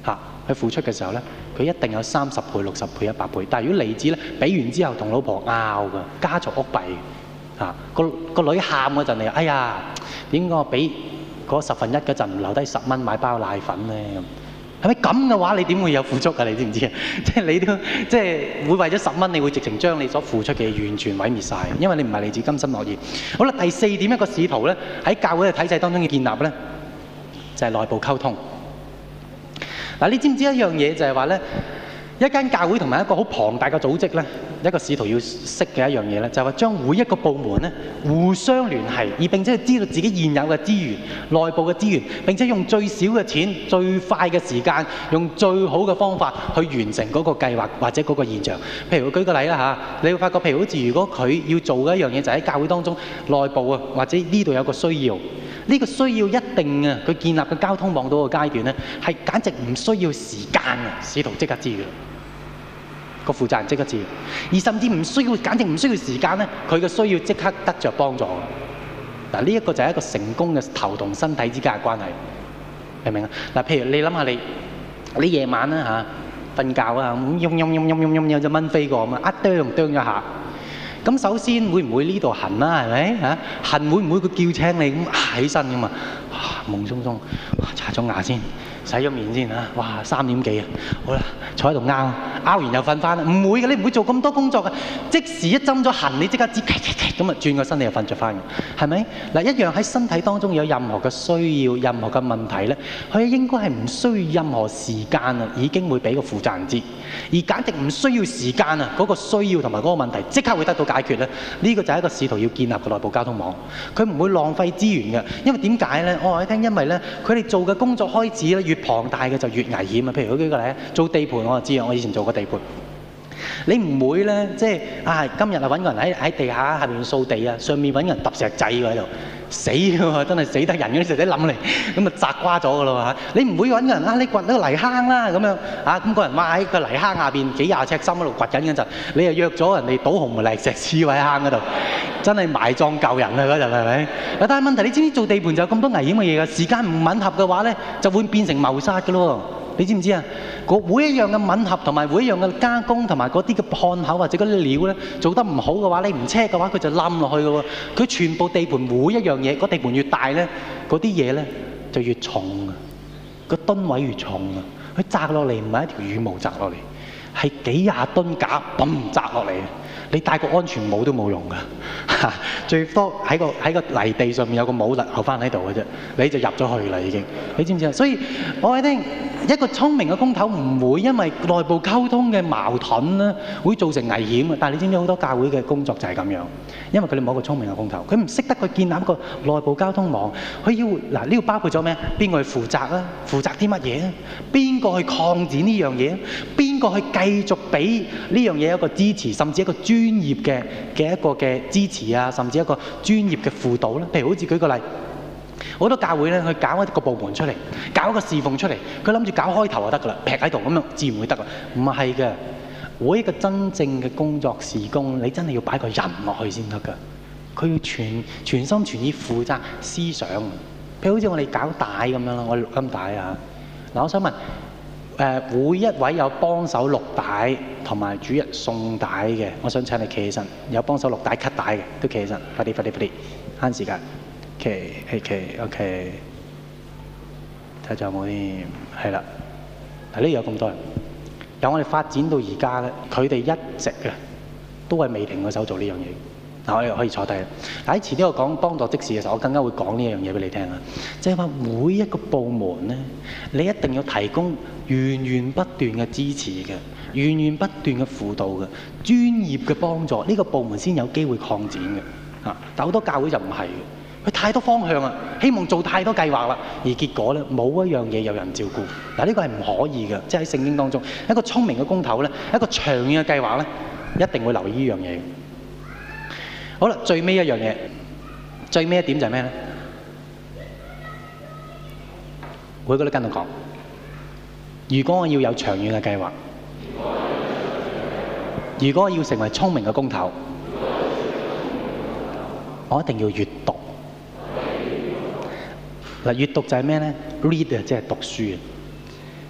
嚇，佢付出嘅時候咧，佢一定有三十倍、六十倍、一百倍。但係如果嚟自咧，俾完之後同老婆拗㗎，家嘈屋閉，嚇個個女喊嗰陣你，哎呀，點講啊？俾嗰十分一嗰陣留低十蚊買包的奶粉呢？係咪咁嘅話？你點會有付出啊？你知唔知啊？即 係你都即係、就是、會為咗十蚊，你會直情將你所付出嘅完全毀滅晒，因為你唔係嚟自甘心樂意。好啦，第四點一個使徒呢，喺教會嘅體制當中嘅建立呢，就係、是、內部溝通。嗱，你知唔知一樣嘢就係話呢？一間教會同埋一個好龐大嘅組織呢，一個使徒要識嘅一樣嘢就係將每一個部門呢，互相聯繫，而並且知道自己現有嘅資源、內部嘅資源，並且用最少嘅錢、最快嘅時間、用最好嘅方法去完成嗰個計劃或者嗰個現象。譬如舉個例啦，你會發覺，譬如好似如果佢要做嘅一樣嘢就喺教會當中內部啊，或者呢度有個需要，呢個需要一定啊，佢建立嘅交通網絡嘅階段呢，係簡直唔需要時間嘅。使徒即刻知嘅。個負責人即刻知，而甚至唔需要，簡直唔需要時間咧。佢嘅需要即刻得著幫助。嗱，呢一個就係一個成功嘅頭同身體之間嘅關係，明唔明啊？嗱，譬如你諗下你你夜晚咧嚇瞓覺啊，咁嗡嗡嗡嗡嗡嗡有隻蚊飛過咁啊，一啄啄咗下。咁首先會唔會呢度痕啦？係咪嚇痕？會唔會佢叫醒你咁嗌起身咁啊？夢中中，刷咗牙先，洗咗面先嚇。哇，三點幾啊！好啦，坐喺度啱。拗完又瞓翻唔會嘅，你唔會做咁多工作嘅。即時一針咗痕，你即刻接，咁啊轉個身你又瞓着翻嘅，係咪？嗱一樣喺身體當中有任何嘅需要、任何嘅問題咧，佢應該係唔需要任何時間啊，已經會俾個負責人知，而簡直唔需要時間啊，嗰、嗰個需要同埋嗰個問題即刻會得到解決咧。呢、呢個就係一個使徒要建立嘅內部交通網，佢唔會浪費資源嘅，因為點解咧？我話你聽，因為咧佢哋做嘅工作開始咧越龐大嘅就越危險啊。譬如舉個例，做地盤我就知啊，我以前做過。地盤，你唔會咧，即係啊！今日啊，揾個人喺喺地下下邊掃地啊，上面揾人揼石仔喎喺度，死喎，真係死得人嘅石仔諗嚟，咁啊砸瓜咗嘅咯喎嚇！你唔會揾個人啊，你掘一個泥坑啦咁樣啊，咁個人話喺個泥坑下邊幾廿尺深嗰度掘緊嘅就，你又約咗人哋倒紅泥石屎喺坑嗰度，真係埋葬救人啊嗰陣，係咪？但係問題你知唔知做地盤就有咁多危險嘅嘢㗎？時間唔吻合嘅話咧，就會變成謀殺嘅咯喎。你知唔知啊？每一樣嘅吻合同埋每一樣嘅加工同埋嗰啲嘅焊口或者嗰啲料咧做得唔好嘅話，你唔車嘅話，佢就冧落去㗎喎。佢全部地盤每一樣嘢，個地盤越大咧，嗰啲嘢咧就越重啊，個噸位越重啊。佢砸落嚟唔係一條羽毛砸落嚟，係幾廿噸架嘣砸落嚟。你戴個安全帽都冇用噶，最多喺個喺個泥地上面有個帽留留翻喺度嘅啫，你就入咗去啦已經，你知唔知啊？所以我話你聽一個聰明嘅工頭唔會因為內部溝通嘅矛盾咧，會造成危險啊。但係你知唔知好多教會嘅工作就係咁樣，因為佢哋冇一個聰明嘅工頭，佢唔識得去建立一個內部交通網。佢要嗱呢個包括咗咩？邊個去負責啊？負責啲乜嘢啊？邊個去擴展呢樣嘢？邊個去繼續俾呢樣嘢一個支持，甚至一個專。專業嘅嘅一個嘅支持啊，甚至一個專業嘅輔導咧、啊，譬如好似舉個例，好多教會咧去搞一個部門出嚟，搞一個侍奉出嚟，佢諗住搞開頭就得噶啦，劈喺度咁樣自然會得噶。唔係嘅，我一個真正嘅工作事工，你真係要擺個人落去先得噶，佢要全全心全意負責思想，譬如好似我哋搞帶咁樣咯，我錄音帶啊，嗱，我想問。誒，每一位有幫手錄帶同埋主人送帶嘅，我想請你企起身。有幫手錄帶、cut 帶嘅都企起身，快啲、快啲、快啲，慳時間。企、OK, OK, OK、誒、企、O.K.，睇下仲有冇啲，係啦。嗱，呢度有咁多人，由我哋發展到而家咧，佢哋一直啊，都係未停過手做呢樣嘢。可以可以坐低。喺前邊我講幫助即時嘅時候，我更加會講呢一樣嘢俾你聽啊，即係話每一個部門咧，你一定要提供源源不斷嘅支持嘅，源源不斷嘅輔導嘅，專業嘅幫助，呢個部門先有機會擴展嘅。嚇，但好多教會就唔係嘅，佢太多方向啊，希望做太多計劃啦，而結果咧冇一樣嘢有人照顧。嗱呢個係唔可以嘅，即係喺聖經當中，一個聰明嘅工頭咧，一個長遠嘅計劃咧，一定會留意呢樣嘢。好啦，最尾一樣嘢，最尾一，一點就係咩呢？我嗰度跟度講，如果我要有長遠嘅計劃，如果我要成為聰明嘅公頭，我一定要閱讀。閱讀讀就係咩呢？read 即係讀書。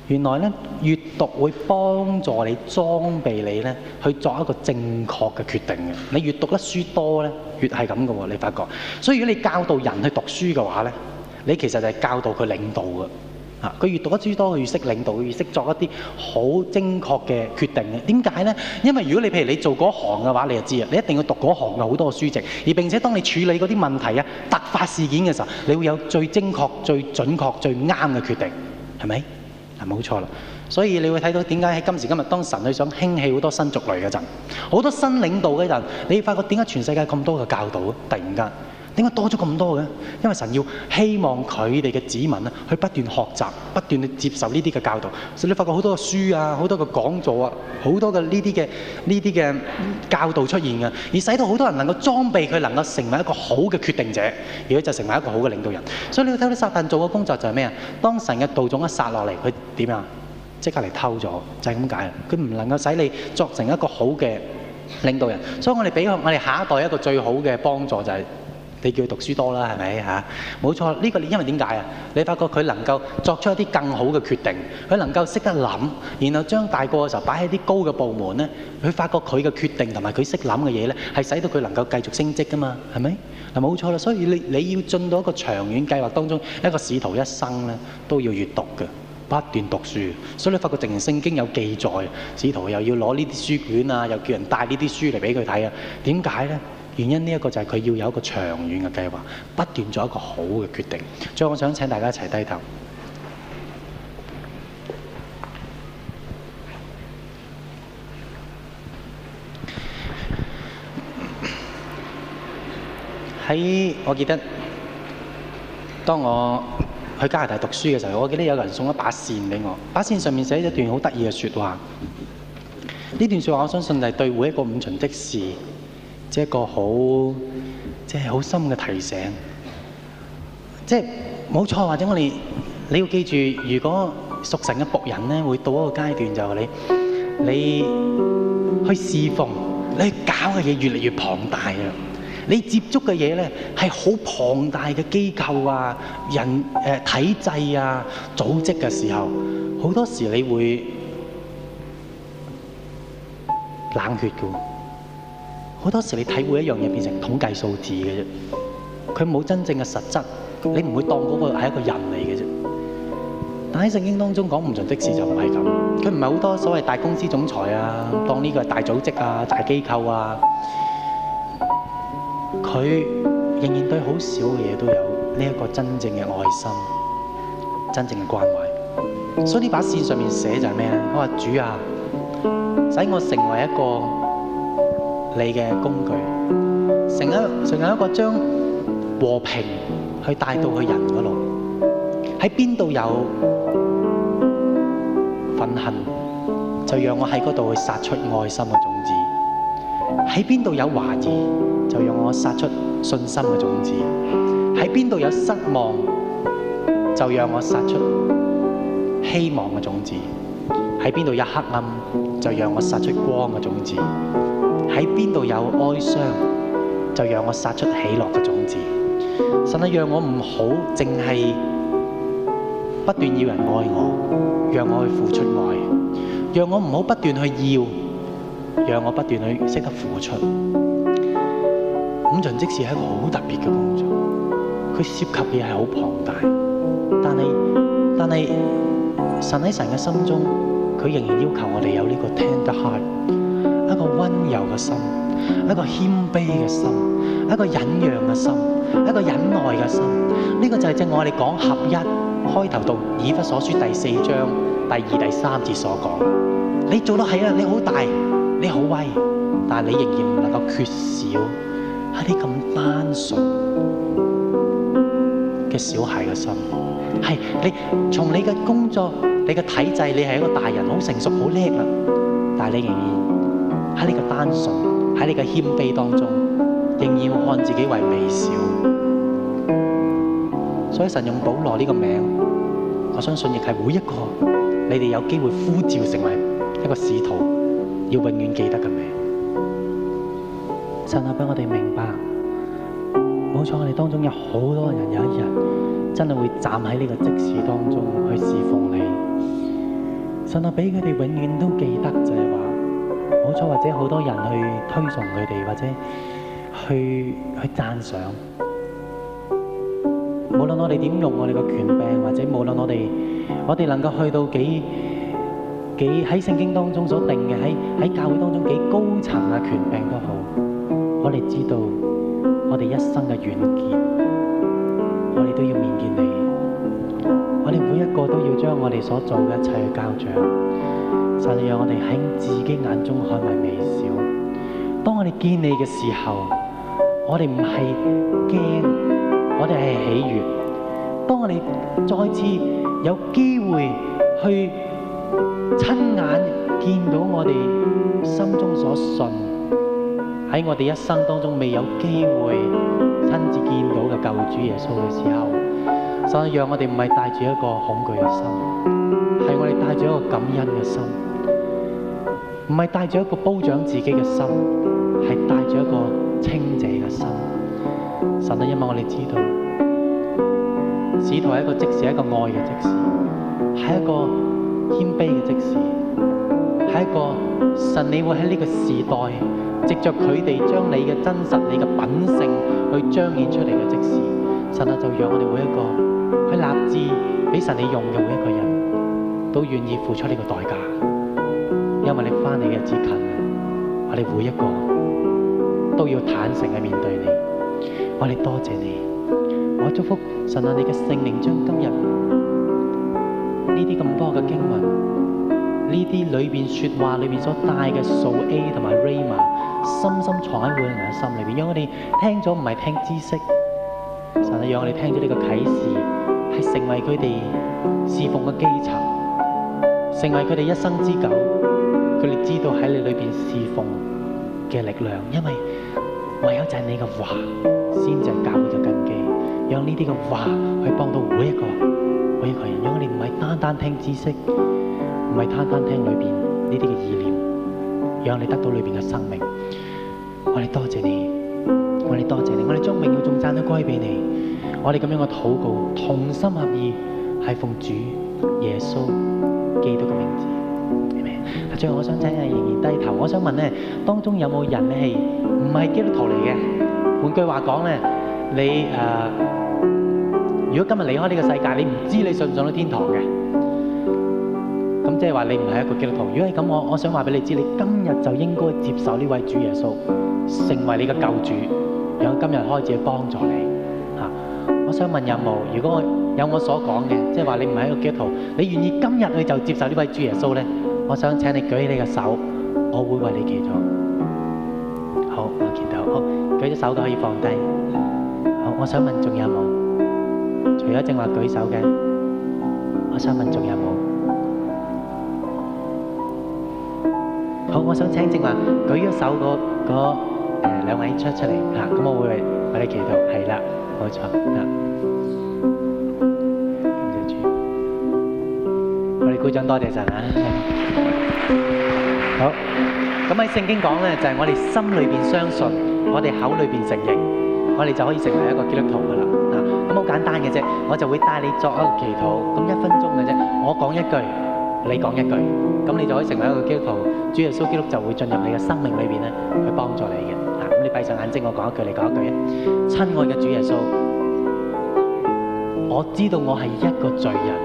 原來咧，閱讀會幫助你裝備你咧，去作一個正確嘅決定嘅。你閱讀得書多咧，越係咁嘅喎。你發覺，所以如果你教導人去讀書嘅話咧，你其實就係教導佢領導嘅嚇。佢閱讀得書多，佢越識領導，佢越識作一啲好精確嘅決定嘅。點解咧？因為如果你譬如你做嗰行嘅話，你就知啦。你一定要讀嗰行嘅好多的書籍，而並且當你處理嗰啲問題啊、突發事件嘅時候，你會有最精確、最準確、最啱嘅決定，係咪？嗱，冇錯啦，所以你會睇到點解喺今時今日，當神女想興起好多新族類嗰陣，好多新領導嗰陣，你會發覺點解全世界咁多嘅教導，突然間？點解多咗咁多嘅？因為神要希望佢哋嘅子民啊，去不斷學習，不斷去接受呢啲嘅教導。所以你發覺好多嘅書啊，好多嘅講座啊，好多嘅呢啲嘅呢啲嘅教導出現嘅，而使到好多人能夠裝備佢，佢能夠成為一個好嘅決定者，而佢就成為一個好嘅領導人。所以你睇到撒但做嘅工作就係咩啊？當神嘅道種一撒落嚟，佢點啊？即刻嚟偷咗，就係咁解。佢唔能夠使你作成一個好嘅領導人，所以我哋俾我哋下一代一個最好嘅幫助就係、係。你叫佢讀書多啦，係咪嚇？冇錯，呢個你因為點解啊？你發覺佢能夠作出一啲更好嘅決定，佢能夠識得諗，然後將大個嘅時候擺喺啲高嘅部門咧，佢發覺佢嘅決定同埋佢識諗嘅嘢咧，係使到佢能夠繼續升職噶嘛？係咪？嗱，冇錯啦，所以你你要進到一個長遠計劃當中，一個使徒一生咧都要閱讀嘅，不斷讀書。所以你發覺《聖經》有記載，使徒又要攞呢啲書卷啊，又叫人帶呢啲書嚟俾佢睇啊。點解咧？原因呢一個就係佢要有一個長遠嘅計劃，不斷做一個好嘅決定。所以我想請大家一齊低頭。喺我記得，當我去加拿大讀書嘅時候，我記得有人送一把扇俾我，把扇上面寫咗一段好得意嘅説話。呢段説話我相信就係對每一個五旬節士。即係一個好，即係好深嘅提醒。即係冇錯，或者我哋你要記住，如果屬神嘅僕人咧，會到一個階段就係你，你去侍奉，你去搞嘅嘢越嚟越龐大啊！你接觸嘅嘢咧係好龐大嘅機構啊、人誒、呃、體制啊、組織嘅時候，好多時你會冷血㗎。好多時你體會一樣嘢變成統計數字嘅啫，佢冇真正嘅實質，你唔會當嗰個係一個人嚟嘅啫。但喺聖經當中講唔盡的事就唔係咁，佢唔係好多所謂大公司總裁啊，當呢個係大組織啊、大機構啊，佢仍然對好少嘅嘢都有呢一個真正嘅愛心、真正嘅關懷。所以呢把線上面寫就係咩？我話主啊，使我成為一個。你嘅工具，成一成有一個將和平去帶到去人嗰度。喺邊度有憤恨，就讓我喺嗰度去撒出愛心嘅種子；喺邊度有懷疑，就讓我撒出信心嘅種子；喺邊度有失望，就讓我撒出希望嘅種子；喺邊度有黑暗，就讓我撒出光嘅種子。喺邊度有哀傷，就讓我撒出喜樂嘅種子。神啊，讓我唔好淨係不斷要人愛我，讓我去付出愛。讓我唔好不斷去要，讓我不斷去識得付出。五旬，即係係一個好特別嘅工作，佢涉及嘅係好龐大。但係但係，神喺神嘅心中，佢仍然要求我哋有呢個聽得開。一個溫柔嘅心，一個謙卑嘅心，一個忍讓嘅心，一個忍耐嘅心，呢個就係正我哋講合一開頭到以弗所書第四章第二、第三節所講。你做得係啊，你好大，你好威，但係你仍然唔能夠缺少一啲咁單純嘅小孩嘅心。係你從你嘅工作、你嘅體制，你係一個大人，好成熟，好叻啊。但係你仍然，喺你嘅單純，喺你嘅謙卑當中，仍然看自己為微小。所以神用保羅呢個名，我相信亦係每一個你哋有機會呼召成為一個使徒，要永遠記得嘅名。神啊，俾我哋明白，冇錯，我哋當中有好多人有一日真係會站喺呢個職事當中去侍奉你。神啊，俾佢哋永遠都記得就係、是。或者好多人去推崇佢哋，或者去去讚賞。無論論我哋點用我哋嘅權柄，或者無論我哋我哋能夠去到幾幾喺聖經當中所定嘅，喺喺教會當中幾高層嘅權柄都好，我哋知道我哋一生嘅完結，我哋都要面見你。我哋每一個都要將我哋所做嘅一切去交賬。神，你讓我哋喺自己眼中看為微小。當我哋見你嘅時候，我哋唔係驚，我哋係喜悦。當我哋再次有機會去親眼見到我哋心中所信喺我哋一生當中未有機會親自見到嘅救主耶穌嘅時候，神，你讓我哋唔係帶住一個恐懼嘅心。咗一個感恩嘅心，唔係帶住一個褒獎自己嘅心，係帶住一個清潔嘅心。神啊，因為我哋知道，使徒係一個即使，係一個愛嘅即使，係一個謙卑嘅即使，係一個神，你會喺呢個時代藉着佢哋將你嘅真實、你嘅品性去彰顯出嚟嘅即使。神啊，就讓我哋每一個去立志俾神你用嘅每一個人。都願意付出呢個代價，因為你翻嚟嘅日子近，我哋每一個都要坦誠去面對你，我哋多謝你，我祝福神啊！你嘅聖靈將今日呢啲咁多嘅經文，呢啲裏邊說話裏邊所帶嘅數 A 同埋 Rhema 深深藏喺每個人嘅心裏邊，因為我哋聽咗唔係聽知識，神啊，讓我哋聽咗呢個啟示，係成為佢哋侍奉嘅基層。成為佢哋一生之久，佢哋知道喺你裏邊侍奉嘅力量，因為唯有就係你嘅話先至係教會嘅根基，讓呢啲嘅話去幫到每一個每一個人。讓你唔係單單聽知識，唔係單單聽裏邊呢啲嘅意念，讓你得到裏邊嘅生命。我哋多謝你，我哋多謝你，我哋將榮耀頌讚都歸俾你。我哋咁樣嘅禱告，同心合意，係奉主耶穌。基督嘅名字。是是最後我想請阿，仍然低頭。我想問呢，當中有冇人咧係唔係基督徒嚟嘅？換句話講呢，你誒、呃，如果今日離開呢個世界，你唔知你信唔信到天堂嘅？咁即係話你唔係一個基督徒。如果係咁，我我想話俾你知，你今日就應該接受呢位主耶穌，成為你嘅救主，然後今日開始去幫助你。吓，我想問任務，如果有我所講嘅，即係話你唔係一個基督徒，你願意今日去就接受呢位主耶穌咧？我想請你舉起你嘅手，我會為你祈禱。好，我見到，好舉咗手嘅可以放低。好，我想問仲有冇？除咗正話舉手嘅，我想問仲有冇？好，我想請正話舉咗手嗰兩、呃、位出出嚟嚇，咁我會為你祈禱。係啦，冇錯嚇。多謝曬啊！好，咁喺聖經講呢，就係我哋心裏邊相信，我哋口裏邊承認，我哋就可以成為一個基督徒噶啦。啊，咁好簡單嘅啫，我就會帶你作一個祈禱，咁一分鐘嘅啫。我講一句，你講一句，咁你就可以成為一個基督徒。主耶穌基督就會進入你嘅生命裏邊咧，去幫助你嘅。啊，咁你閉上眼睛，我講一句，你講一句啊。親愛嘅主耶穌，我知道我係一個罪人。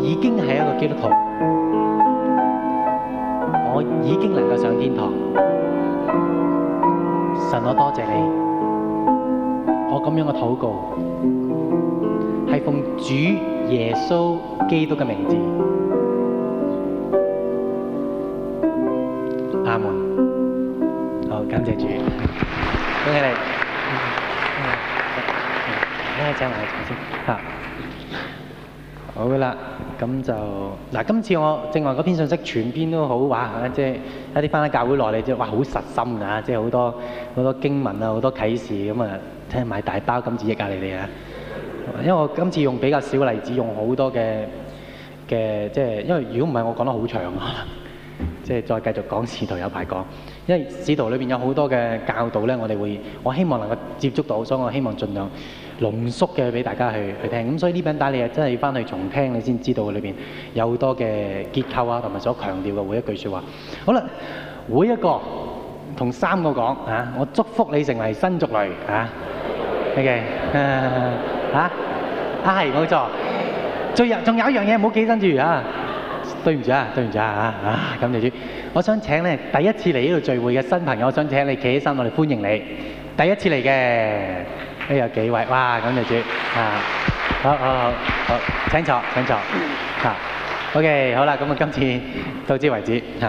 已經係一個基督徒，我已經能夠上天堂。神，我多謝你。我咁樣嘅禱告係奉主耶穌基督嘅名字。阿門。好，感謝主。恭喜你。唔該，請埋台先。好。咁就嗱，今次我正話嗰篇信息全篇都好、啊、哇，即係一啲翻喺教會內嚟，即係哇好實心㗎，即係好多好多經文啊，好多啟示咁啊，聽買大包今次益啊，你哋啊，因為我今次用比較少例子，用好多嘅嘅，即係因為如果唔係我講得好長，啊、即係再繼續講使徒有排講，因為使徒裏邊有好多嘅教導咧，我哋會我希望能夠接觸到，所以我希望儘量。濃縮嘅俾大家去去聽，咁所以呢餅帶你係真係要翻去重聽，你先知道裏邊有好多嘅結構啊，同埋所強調嘅每一句説話。好啦，每一個同三個講啊，我祝福你成為新族類啊。OK，啊啊，係冇錯。最又仲有一樣嘢，唔好企身住啊。對唔住啊，對唔住啊啊啊，感謝主。我想請你第一次嚟呢度聚會嘅新朋友，我想請你企起身，我哋歡迎你第一次嚟嘅。都、哎、有幾位，哇！咁就接啊，好好好，好，好，好請坐請坐啊，OK，好啦，咁啊今次到此為止啊。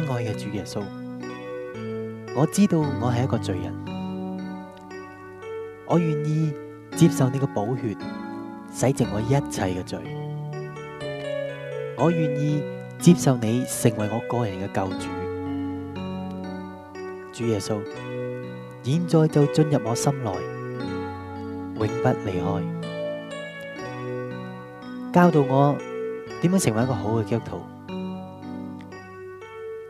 親愛嘅主耶穌，我知道我係一個罪人，我願意接受你嘅寶血洗淨我一切嘅罪，我願意接受你成為我個人嘅救主。主耶穌，現在就進入我心內，永不離開，教導我點樣成為一個好嘅基督徒。